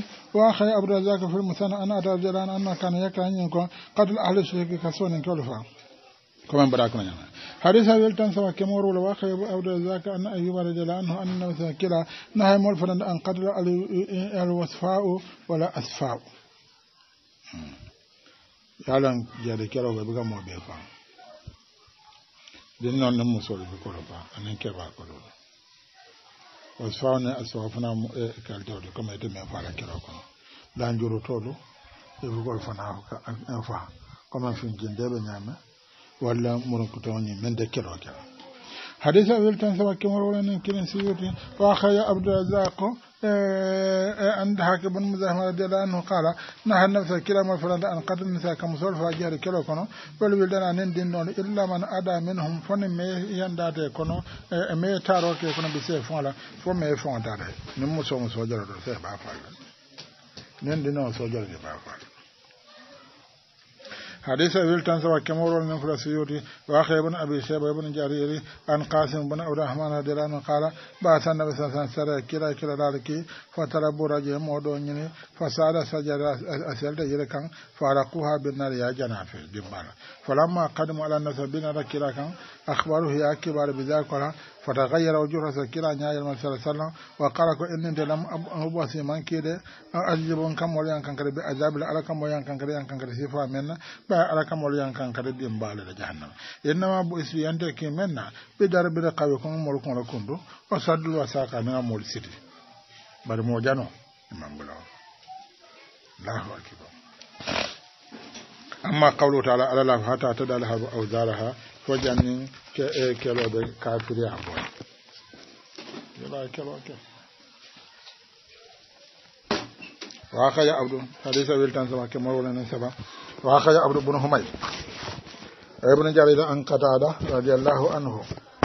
a wasfawne asawa ita kaltewɗo fara ete min fala kiro kono ibi efugol fana ka fin jin fa comme finkindeɓe ñaame walla muronkotoñi min da kiro kira. hadisa wel tan sawa kemor wonanen kinen siwirti wa haya abdourazak عند حاكم بن مزاحم رضي الله عنه قال نهى النفس كلاما فلان أن قتل النساء كمسول فاجر كيلو كونو والولدان أن دينون إلا من أدى منهم فن مي ينداتي كونو مي تارو كي كونو بسي فولا فو مي فون تاري نمو سوم سوجر سي بافال نين دينون سوجر دي بافال حديث أبي التنس وكمور من فلسيوتي وأخي بن أبي شيبة بن جرير عن قاسم بن عبد الرحمن رضي الله عنه قال بعث النبي صلى الله عليه وسلم كلا كلا ذلك فتربوا رجل مودونين فسال سجر أسئلة يركن فارقوها بالنار يا جنافي جمال فلما قدموا على النبي بن ركلا كان أخبره يا كبار بذلك fataxayyara o jura sa kira ñayarma sa sallam wa kala ko enninte lam ubasi mankide ajibon kammol yankankare be adabila ala kammol yankankare yankankare si fa men ɓa ala kammol yankankare ɗin mbalere jahannama yennama bo spiyante ki menna ɓe dara ɓeɗe qawe ko gamol kola kundu o saddul wa saka mega mol siti bari mo jano imambula o allahu akibar amma qawlu taala ala lafa hata tadalaha ba ausaraha fo jannin keloɓe e, kafiri a boy yola e kelo ke wa haja abdou hadisa wel tan sama kemol wonanen saba wa haja abdou bun humay ابن جرير عن قتادة رضي الله عنه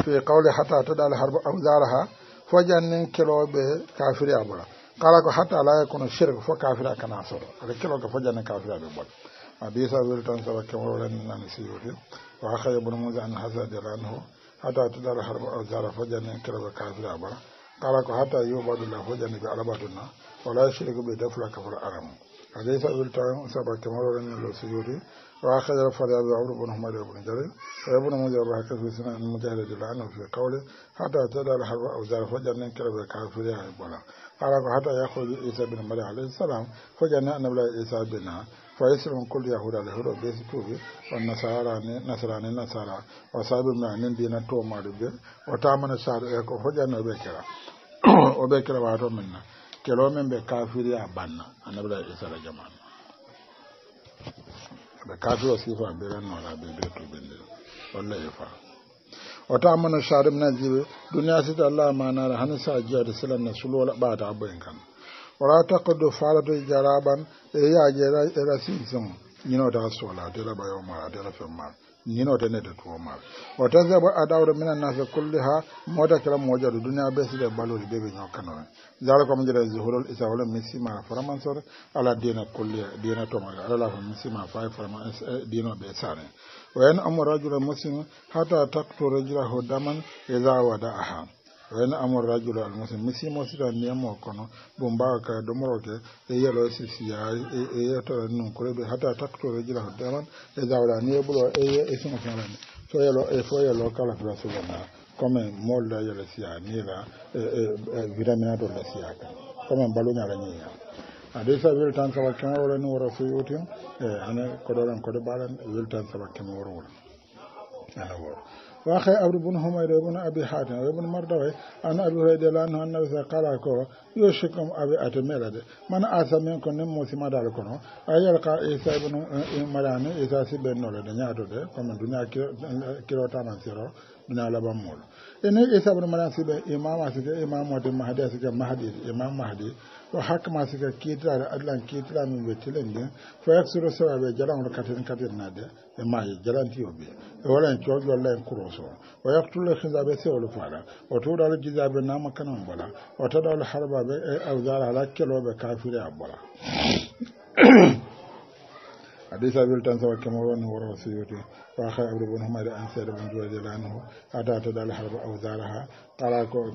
في قوله حتى تدع الحرب أوزارها فجن كيلو بكافر أبولا قال حتى لا يكون الشرك فكافر كان أصر الكيلو فجن كافر أبولا أبي سابيل تنسى وكمرولين نمسيوتي وأخذ ابن موزع عن الحسن رضي عنه حتى تدار حرب أوزار فجن كرب كافر أبا قالك حتى يوبد الله فجن بأرباتنا ولا يشرك بدفل كفر أرم حديث أبي التعام سبع كمال من السجود وأخذ رفض أبي عمرو بن حمد بن جرير وابن موزع الله كفر سنة المجاهد رضي عنه في قوله حتى تدار حرب أوزار فجن كرب كافر أبا قالك حتى يخرج عيسى بن مريم عليه السلام فجن أن بلا عيسى بنها fayyasu ɗan kulle ya hudu alhuru a bese tobe wani nasara ne nasara ne nasara a sabi mai hannun biyu na tuwa ma wata mana sa da ya hujja na obe kira obe kira ba to minna kafiri a banna a na bula isa da da kafiri wasu ifa biran na wala bai biyu tobe ne wani ifa wata mana sharif na jiri duniya sita allama na da hannun da silar na sulola ba ta abu yankan wala taqdu farata jaraban e eh, yaje era sinsin ñino ta sola tela ɓayo mara tela femmal ñino ta nete tuwo mara wa tazabu adawra mina nafe kulliha mota kela mojaɗo duniya be siɗe balori ɓeɓe ñokkanoe jara kom jere zuhurol isa wala misima faramansore ala dina kulliya dina tomaga alala ko misima fay farama eh, eh, dino ɓe sane wa en amu rajula muslim hata taktu rajulahu daman ida wada'aha wayna amor rajulu al muslim mi simo sita niyamo kono bum mbawa ka domoroke e yelo sisiya e yetore nun kureɓe hata daman e ni e yelo e fo yelo kala yelo vitamina la ka e ana waxee abdu bun xumayre bun abi xaatim waaye bun mardawaay an abi xoyde laa nu annabi sa qala ko yoo shikum abi ate mela de man asa min ko ma daal kono ay ko hak ma siga kiitiraade adlan kiitiraamen ɓe tilen ndin fo eksuro sewa ɓe katin katen katen nadde e maaji jalanti e o ɓe e walan coojolla en kuros da o yaktulle hisaɓe sewolo faala o tuuɗalo jisaɓe nama kanan bola o taɗawlo harbaɓe e awdara ala keloɓe kafiri a bala hadisa bil tan sawa kama wa nuwar wasu yuti wa aka abu bin hamadu an sayar bin juwa jela na hu a da ta dala harba a wuzara ha kala ko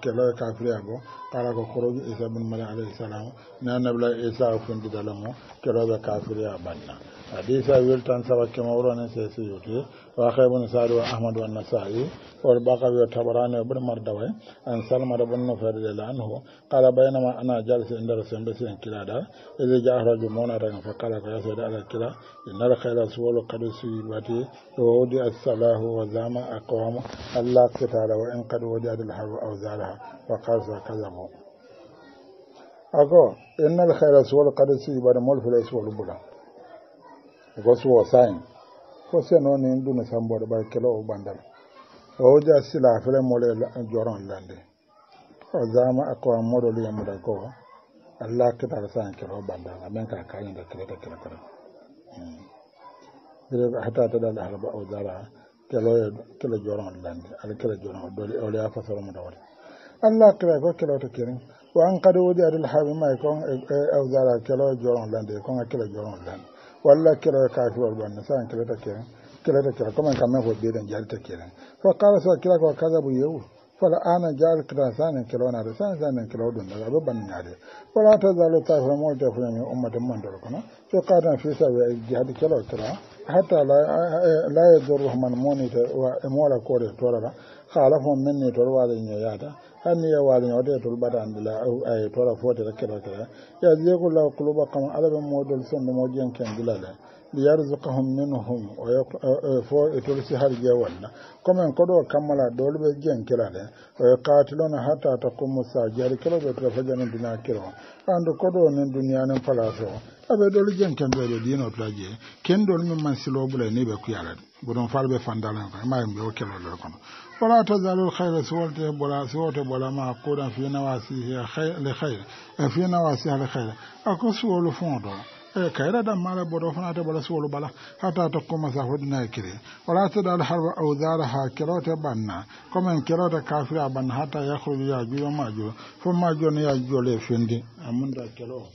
kelo ya kafiri ya bo kala ko kuro bi isa bin mali alayhi salam na nabla isa a kundi dala mo kelo ya kafiri ya hadisa bil tan sawa kama wa nuwar wasu yuti wa aka abu bin wa ahmadu wa nasa'i والباقي والتبراني وابن ان سلم رب انو فرد لان ہو قال بینما أنا جالس عند رسول الله ان الله عليه وسلم إذ جاء رجل منادى فقال يا سيد على كلا إن الخير سؤال قد سيبتي وودي و وزام أقوام الله قتال ان قد وجد الحرب أوزارها وقال كذبوا ako innal hayra suwol خیل si ibada mol fula suwol bula ko suwo sayin ko se noon en duna samboɗo ɓay kelo o bandal oja sila fele mole joron lande o zama ako modo lu yamuda allah kita kitar san kiro banda amen ka kayin da kire da kire kire hmm. dire hata ta dal harba o zara kelo kelo joron lande al kelo joron doli o ya fasa mu da wani allah kira ko kelo to kirin wa an kadu wudi adil habi mai kon e, e, e, o zara kelo joron lande kon kelo joron lande walla kelo kafi wal banda san kiro to kirin kilata kira kama kamme fo beɗen jarita kiren fa kala sa kila ko kaza kadabu yewu fala ana jaal kita sanen kilo na da sanen sanen kilo dun da abu ban ya de fala ta zalo ta fa mo ta fa mi ummatin man dor kana to ka ta fi sa wa jihad kilo kira hatta la la yadurru man munita wa mola ko de torara khalafun minni torwa da ya ta hanni ya wali ya wata tulba da andila ay tora fota da kira kira ya je la kuluba kama alabe modol son da mojen kan dilala liyarzuqahum minhum eh, eh, fo har tolsi harje walla komin koɗo kammala dolu ɓe jenkirade oye katilona hatta takummu saji ari kelo ɓe tota fajani duniya kiro andu koɗo nin abe place o aɓe dolu jenkenɓeɓe dino totaje ken dolu min man silobula ni ɓe kuyarade boɗon falɓe fandalen ko ma yimɓe o kelolel kono wala tazalu lhayre siwolte bola siwote bolama kuɗan fi nawasihi li hayre eh, fi nawasiha li hayre ako suwolu fon ɗo Eh, kayra da mara boro fana ta bala suwalu bala hata ta koma sa hudna kire wala ta dal harba au dara ha kirota banna koma en kirota kafira ban hata ya khuru ya biyo ma jo fo ne ya jo le kelo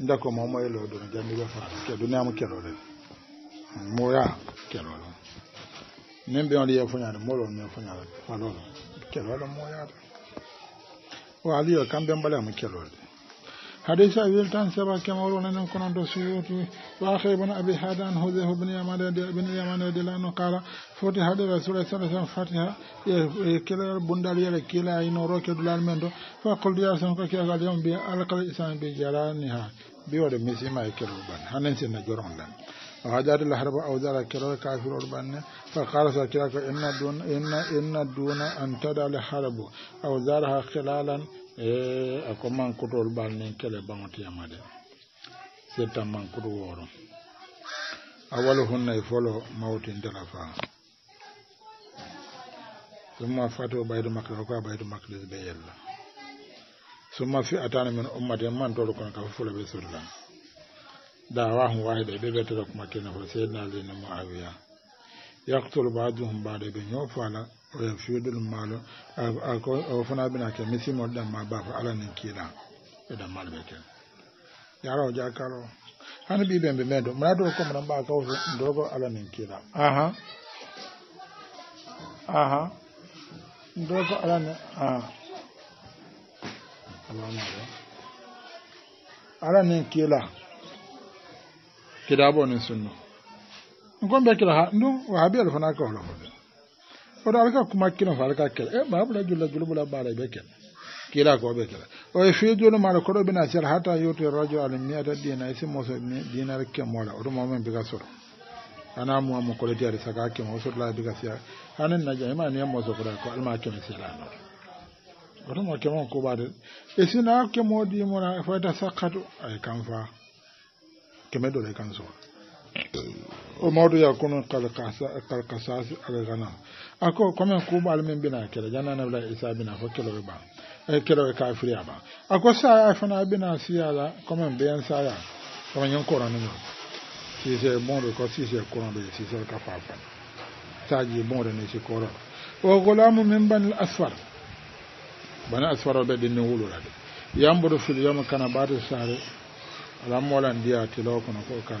nda ko momo yelo do jandi be fa ke duniya mu kelo de moya ke lo nem be on ye fo nyaade molo ne fo nyaade fa lo kelo lo moya wa ali yo be mbale mu kelo de حديث أبي التان سبا كما كمولون أن كنا دسيوتي وآخر ابن أبي هذا عن هذه بن يمان بن يمان دلان قال فتح رسول الله صلى الله عليه وسلم فتح كلا بندالي يلا كلا ينورو كدلال مندو فقل كي أغال يوم بي ألقى الإسان بي كلا بي بألقى ميسي ما بيور ربان يكربان سينا نجرون لنا وهجر الحرب أو ذر كلا كافر ربان فقال سكلا إن دون إن إن دون أن تدع الحرب أو ذرها خلالا Eh, ako mankutol bal nin kele baŋotiyama de sitta mankutu woro awalu hunnay e folo mawtintela fa summa fatu baytu makli oko a baytu makdis be yella summa fi atana min ummati mantolo kono kafa fula be sorlan dawahum wahida ɓeɓe tera kuma kene fo seydna alina moawiya yaktulu ba'duhum ba'da be ñoo fala oye fiidul maalo o fana bena ke misimol ɗamma bafa ala nin kiiɗa e ɗammal ɓe ken yarawo jakalo hani ɓiɓen ɓe men ɗo mona ɗo comme nan ɓa kawto dogo ala nin kiiɗa aha aha dogo ala ni aha alamaɗo ala nin kiila kiɗaɓo nin sunno ngombe kila handu wahabia fana ka hola hola ora alka kuma kino fa alka kela e babu la jula jula bula bala be kela kila ko be kela o fi jula mala ko be na sir hata yote rajo al miyata dina isi moso dina ke mola o mo men be ga soro ana mu amu ko le tiare saka ke mo soro la be ga sia anan na jama ne mo so ko alma ke ne sira o mo ke mo ko ba de isi na ke mo di mo na fa ta sakato ay kan fa keme do le kan so umaru yakunu kalkasasi algana ako kome kuma almin bina kele jana nabila isa bina fo kelowe ba kelowe kafiriya ba ako e, saya fana bina la kome beyan saya kome nyen koranuma sise bonde ko se se korando sise kafafa saji bonde ne si koran o gulamu min ban asfar bani asfar be dinne wulurade yambodo fil yama kana batu sare ala molan diya tilo kono ko kar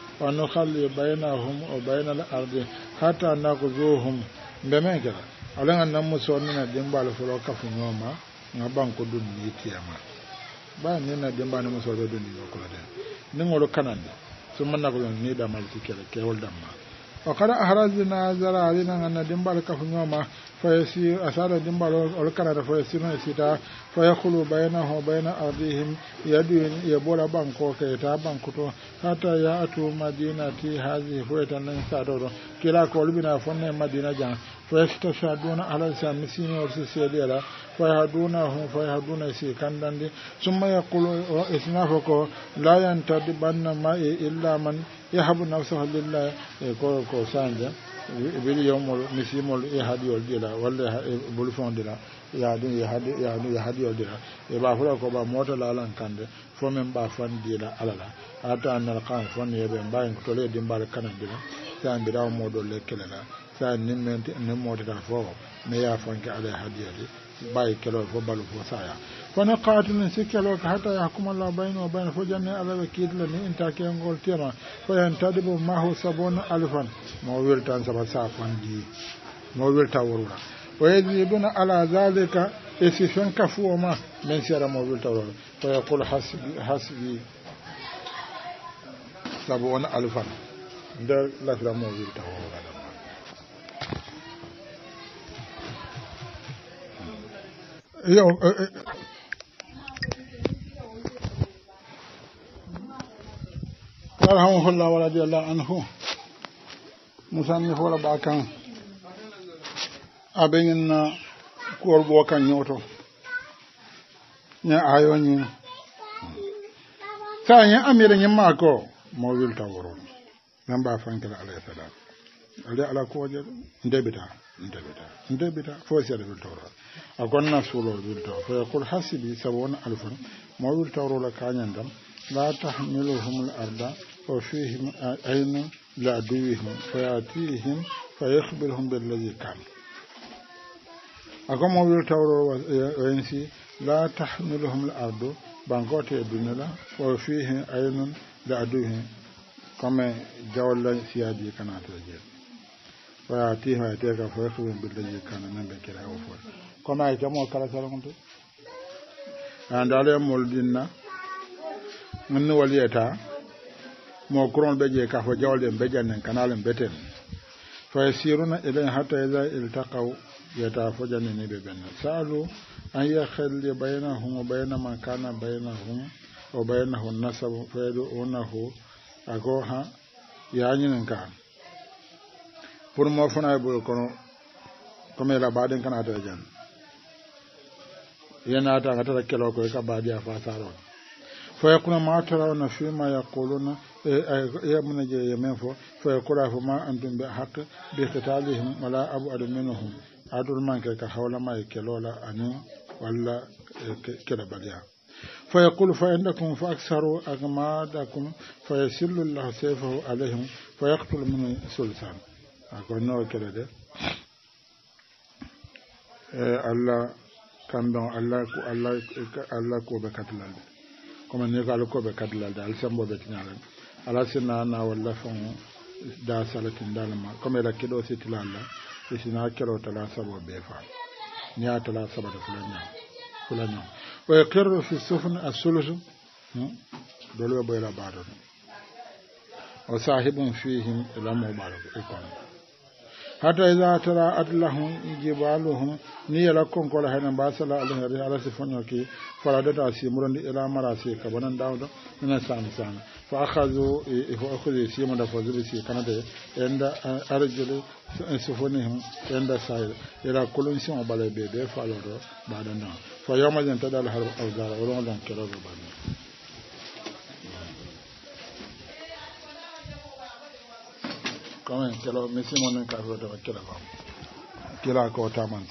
ونخلي بينهم وبين الأرض حتى نغزوهم بمكرة أولا أن نمسون من دمبا لفلو في نوما نبان كدون يتياما بان ينا دمبا نموسى ودون يوكلا دين نمولو كنان ثم نغزون نيدا مالتي كلا كيول دمّا وقد أحرزنا لنا أن دمبا في نوما فيسير أسال الدنبا والكرة فيسير نسيتا فيخلو بينه وبين أرضهم يدو يبولا بانكو كيتا بانكتو حتى يأتوا مدينة هذه فويتا ننسادورو كلا كولبنا فن مدينة جان فيستشهدون على السامسين والسيسيديلا فيهدونهم فيهدون سيكندن ثم يقول إسنافكو لا ينتدبن معي إلا من يحب نفسه لله يقول كوسانجا ibili wiliyomol mi mol e hadi haɗiyol ɗila walla e ya ɗila ya hadi haɗiyol dira e ba fura ko ba ɓa la lan kande fo men ba fan ɗila alala an al qan fon ye ben ba en tole di dimbal kanan ɗila sa mbiɗa moɗol lekkelela sa nimmen da fo mi ya fon fanke ala hadi haɗiyati ɓawi e kelo fo balu fo saya fana kaati ne si kelo ka hata ya kuma la bayin wa bayin fo jamne ala wa kiit la ni inta ke ngol tema fo yan tadi bo maho sabo na alifan mo wilta an sabat saafan ji mo wilta warura fo yed ala zaade ka esi ka fuwa ma men siara mo wilta warura fo ya kul hasbi hasbi sabo na alifan nda lafira mo warura Yo, eh, eh. يرحمه الله ورضي الله عنه مصنف ولا باكان أبين كور بوكان نيوتو ني آيوني ثاني أمير نيماكو مويل تورون نمبا فانكر عليه السلام عليه على كوجر ندبتا ندبتا ندبتا فوسير بالتورا أكون نفسولو بالتورا فيقول حسبي سبون ألفا مويل تاورو لكانيان دم لا تحملهم الارض وفيهم أين لعدوهم فيأتيهم فيخبرهم بالذي كان أقوم بالتورو وينسي لا تحملهم الأرض بانقوت الدنيا وفيهم أين لعدوهم كما جاول سيادي كانت رجل فيأتيهم يأتيك فيخبرهم بالذي كان من بكرة وفور كما آية يجمع كلا سلامته عند عليهم مولدنا من وليتها mo kuron ɓe je kafo jawle ɓe jannen kanale beten fa siruna ilay hatta ila iltaqaw yata fojani ni be benna salu an ya khalli bayna hum bayna man kana bayna hum o bayna hum nasab fayadu onahu ago ha yani nan ka pour mo fona e bo ko comme la baden kana ta jan yana ta ta kelo ko e ka badia fa saron fayakuna makira wa fi ma ya kuluna ya muna ge ya mefo fayakura fi ma an dumbe hak bi ta talihim wala abu aluminuhum adurman ke ka haula ma ya kelola ani wala kira baliya fayakulu fa indakum fa aksaru agmadakum fa yasillu allah sayfahu alaihim fa yaqtulu min sultan akono kera de allah kambon allah ku allah allah ku bakatlan de comme ni ko alko be kadla da al sambo be tinala ala sina na walla fon da salatin dalma comme la kido sitilala e sina kero tala sabo be fa ni a tala sabo da fulanya fulanya wa yaqirru fi sufn as-sulus dole be boyla badon o sahibun fihim lamu barak ikon hata ida tara atlahum jibaluhum ni yala konkola hena basala ala hadi ala sifonyoki faradata simurondi ila marasi banan dawdo ina sami sana fa akhazu ifu akhuzi simu da fazuri si kanade enda eh, arjulu eh, sifonihum enda sayil ila kulun simu balay bebe falodo badana fa yawma jan tadal harb awzara ulama dan kelalo badana kamar kira misi da kira ba kira ko ta man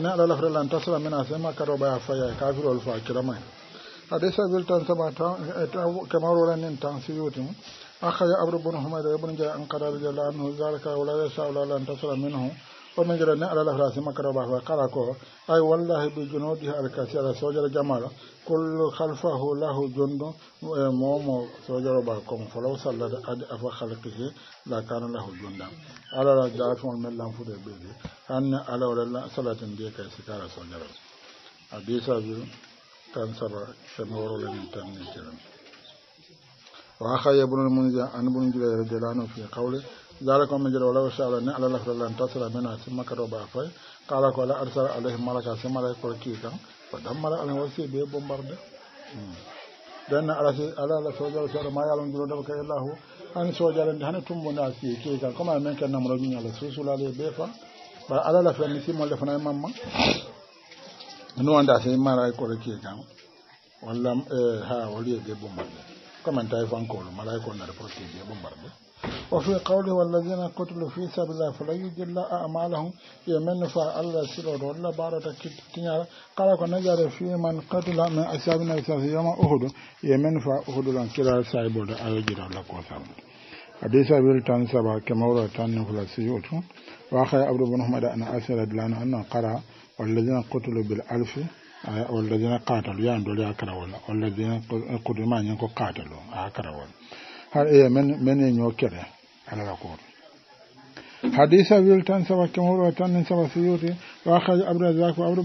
ala lafra lan tasra min asma ma karo baya fa ya kafiru al fakira mai hadisa bil tan sama ta kamar kono jira ne ala lahrasi makarabaka kala ko ay wallahi bi junudi alkasira sojara jamala kullu khalfahu lahu jundu momo sojara ba kon folaw sallada ad afa khalqihi la kana lahu junda ala la jafon men lam fude be be an ala wala salatin de kay sikara sojara abisa bi tan saba semoro len tan ni kiran wa khayy ibn al-munzir an ibn julayr radiyallahu anhu fi qawli ذلك من جل جلوله أن على الأخرى لن تصل منها ثم كربا فاي قال قال أرسل عليه ملك ثم لا يقول كيكا فدمر على وسي بي بومبارد لأن على على سوجل سر ما يعلم جلوده كي الله أن سوجل أنت هن توم بناسي كيكا كما من كان نمر بين على سوسول عليه بيفا على الأخرى نسي مولى فنا ماما نو أنت سيما لا يقول كيكا ولا إيه، ها وليه بي بومبارد كما أنت يفهم كله ملاك ولا ربوتي بي بومبارد وفي قوله والذين قتلوا في سبيل الله فلن يجل أعمالهم يمن فعل سرور ولا بارة كتنيا قال كنا في من قتل من أسابنا النبي يوم أهد يمن فأهد لن كلا سعيب ولا أيجر ولا قوسام حديث أبي تان سبا كمورة تان نفل سيوت وآخر أبو بن محمد أن أسر لنا أن قرأ والذين قتلوا بالألف والذين قاتلوا يعني دولي أكرا والذين قتلوا ما ينكو قاتلوا أكرا ولا har e men men en yoke re ala la ko hadisa wil tan sa wakki mo ro tan sa wasi yuti wa khaj abdu razzaq wa abdu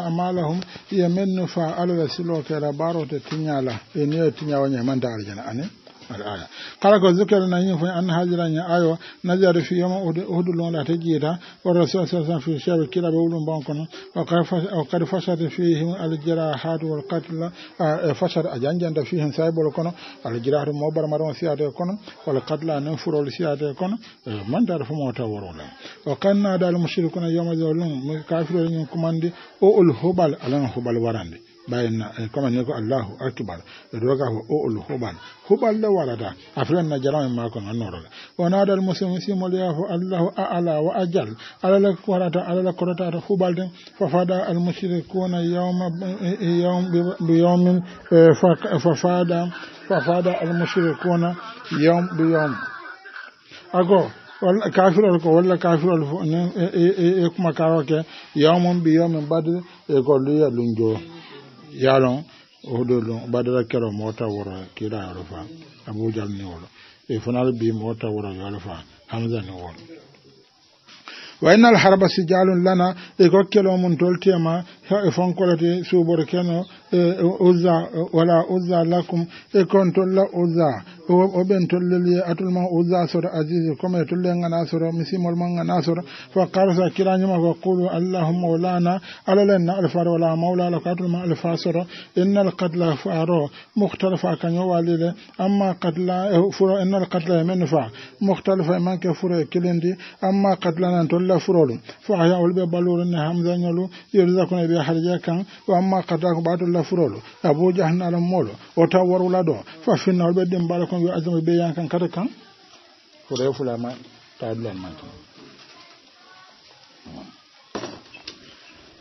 a'malahum yamennu fa ala rasulika rabarote tinyala e ne tinyawo ne al'aya kala ko zikr na yin fun an hajira nya ayo najar fi yama uhudu lon la tajira wa rasul sallallahu alaihi wasallam fi shabi kila bawlun ban kono wa qad fashat fihim al jarahat wal qatl o alan bayna comme eh, ni ko allahu akbar e doga ko o ol huɓal warata afrenna jarame mako ga norole o naadal musidmo allahu aala wa ajal alala warata alala korotata huɓalde yawma eh, eh, bi yawmin yawm bi yawm ago ko e kuma bi yawmin e ko yalon oɗo badara kero mota wora kira yoro Abuja aboujal ni wolo e fanal bi mota wora yoro fa hamsa ni wolo wa innal harba sijalun lana e gokkelo mum toltiyama e su suuboro keno e, e, uzza wala uzza lakum e kon tolla uzza o ɓen tolleli atul ma usa soro asise comme tolle gana soro misimol ma gana soro fa karsa kirañuma ko allahumma olana alalen na alfar wala mawla ala ko atul ma alfa soro innal katla faro muhtal kaño walile amma eh, furo innal e men fa e manke furo e kilindi amma nan tolla furolu ne hamsa ñolu kono ɓe kan o amma ko furolu molo o taw warwula ɗo fa finna ɗimbala kon yo azumi ɓe yan kan kada kan fota yo fulama taadulal mata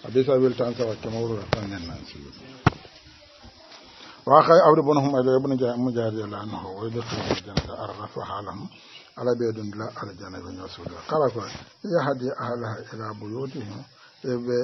abisa wel tan sawa kemawrora tannen nan si wa kay awde bono hum aɗa ibnu mujahid ala anhu o ɓe jana da arrafa haalahum ala ɓe ɗum la aljana ɓe da kala ko hadi ahlaha ila buyutihim eɓe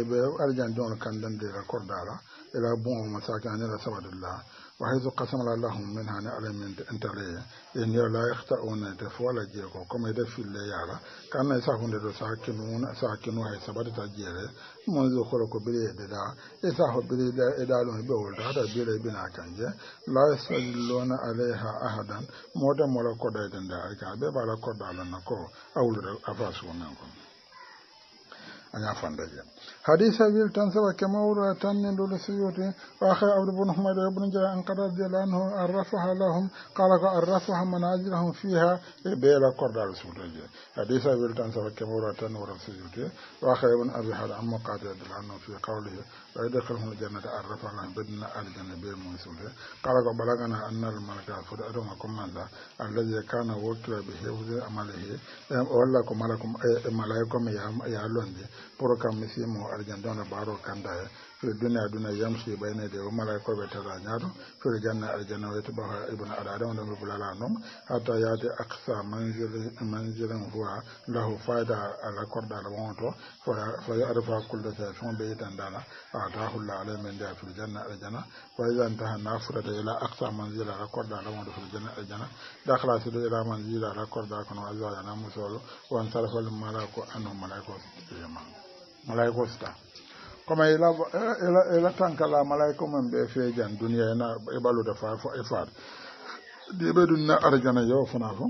eɓe arjan don kan dan dandira kordala ila bun bon masakin anira sabadullah وحيث قسم لهم منها نعلم من انت لي إن لا يخطئون دف ولا جيكو كما يدف في الله يعلى كان يساهم لدو ساكنون ساكنوا هي سبت تجيري منذ خلق بلي ددا يساه بلي دا إدالون بولد هذا بلي بنا كنجة لا يسجلون عليها أحدا مودا مولا قد يدن دا أكابي بالا قد على نكو أولو الأفاسون نكو أنا فندجي حديث أبي التنسب كما ورى تنين دول السيوطي وأخي عبد بن حميد بن جاء أنقر رضي الله عنه عرفها لهم قال عرفها منازلهم فيها بيلا قرد رسول الله حديث أبي التنسب كما ورى تنين دول السيوطي وأخي ابن أبي حال عم قاتل عنه في قوله ay dekhal hun jannata arrafa na bidna aljanna be musulde qala ko balaga na annal malaka fu da adama kum man da allazi kana wakila bi hewde amalehi em walla ko malakum e malaikum ya ya londe pour kam misimo aljanna baro kanda fil duniya duniya yamsi bayne de o mala ko be tara nyaato fil janna la nom huwa lahu da fil janna al janna wa idha intaha nafrata ila aqsa manzil ala korda la wonto fil janna al janna dakhala sidu comme ela ela ela e tankala malayika mum ɓe feejan duniya ena e ɓallude e fa e faade ɗi ɓe ɗum na arajana yo fana fo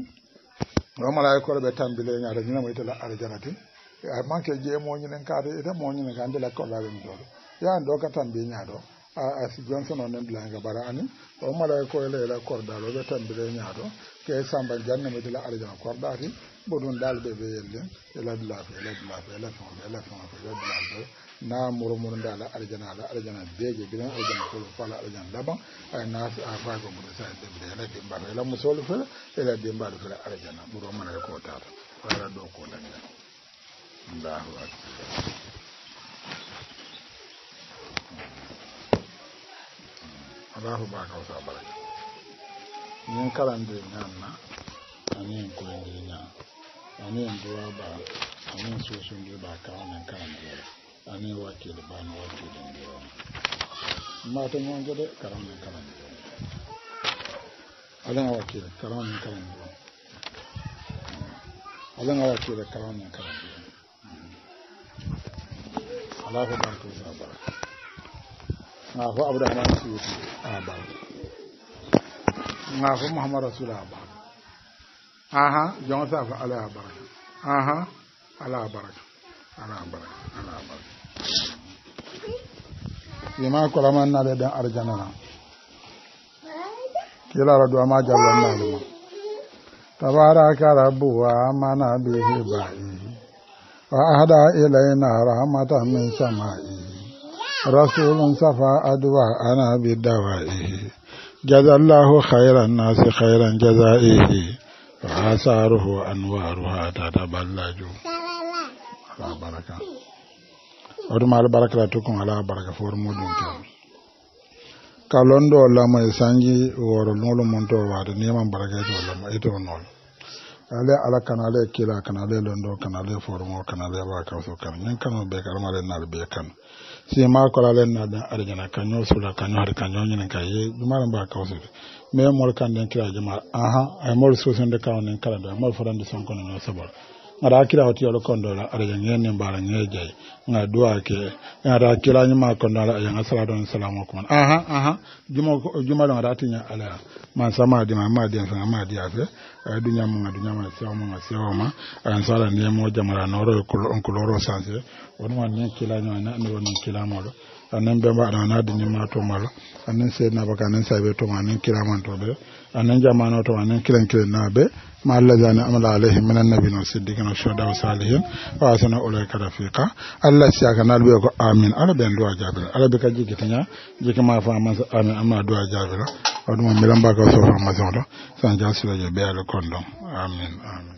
o malayikore ɓe tambile ne arajanamo itela arajana ti e manque jee moñinen kaade ede moñinen ka ndela kollaɓen dooɗo yaani ɗo ka tambi ñaaɗo a asi jonson on nen ɗilanga bara ani o malaye ko ele ela kordalo ɓe tambire ñaaɗo ke samba jannemo itela arajana kordati ɓo ɗum ɗalɓe ɓe yelle eladilafe eladilafe elafeoe elafeoe eladilaɓe na murmurin da ala aljana ala arjana beje gidan aljana ko fa ala arjana laban ay na a fa ko mur da de de la ba la musul fa la de mbar fa aljana buro man ko ta ta fara do ko nan la Allahu akbar Allahu ba ka wasa baraka yin kalandiri nan na amin anin koyin nan amin duwa ba anin so duwa ba ka wannan kalandiri ani wakkile bano wakkile ngewama mata ñongo de karam men karam ngewama alana wakkile karam men karam ngewama alana wakkile karam men karam ngewama ala ko barko sa baraka ga fo abdourahmane siwti a barka ga fo mouhamad rasul a barka aha jongo sa fo ala a baraka aha ala a baraka ala a baraka ala a baraka تبارك رب وآمنا به بعيه وأهدى إلينا رحمة من سمائه رسول صفى أدواءنا بدوائه جزى الله خير الناس خيرا جزائه وآثاره أنوارها تتبلج الله بركاته oɗuma ala barakala to tukun ala baraka fo woto muɗum te ka londo lamo mai sanji woro nolo monto wade niman baraka eto ma ito nolo ale ala kanale kila kanale londo kanale formo kanale ba so kan nyen kanu be karamale nal be kan si ma ko ale na da arjana kanyo sula kanyo har kanyo nyen kan ye dumara ba so me mol kan den kila jama aha ay mol so sen de kawo nen kala da mol forande son kono no sabar ngara kira hoti yolo kondola ara ni mbara ngeje nga dua ke ngara kira ni ma kondola ya ngasala don salamu kuma aha aha juma juma don ngara tinya ala ma sama di ma ma di sanga ma di ase dunya mu nga dunya ma sewa mu nga sewa ma an sala ni mo jamara noro kuloro sanse won wan ni kila ni na ni woni kila mo eh, molo anan bemba ana na di ni ma to ma lo eh, anan se na baka nan sai be to ma nan kila man to be anan eh, jama na to ma anan kila kila na be ma allaza ni amala alaihi min annabi na siddiqi na shahada wa salihin wa asana ulai ka rafiqa allah siya ka nalbi ko amin ala ben duwa bi ka jigi tanya jigi ma fa amma amin amma duwa jabir aduma miramba ka so fa amma zonda san jansila je be amin amin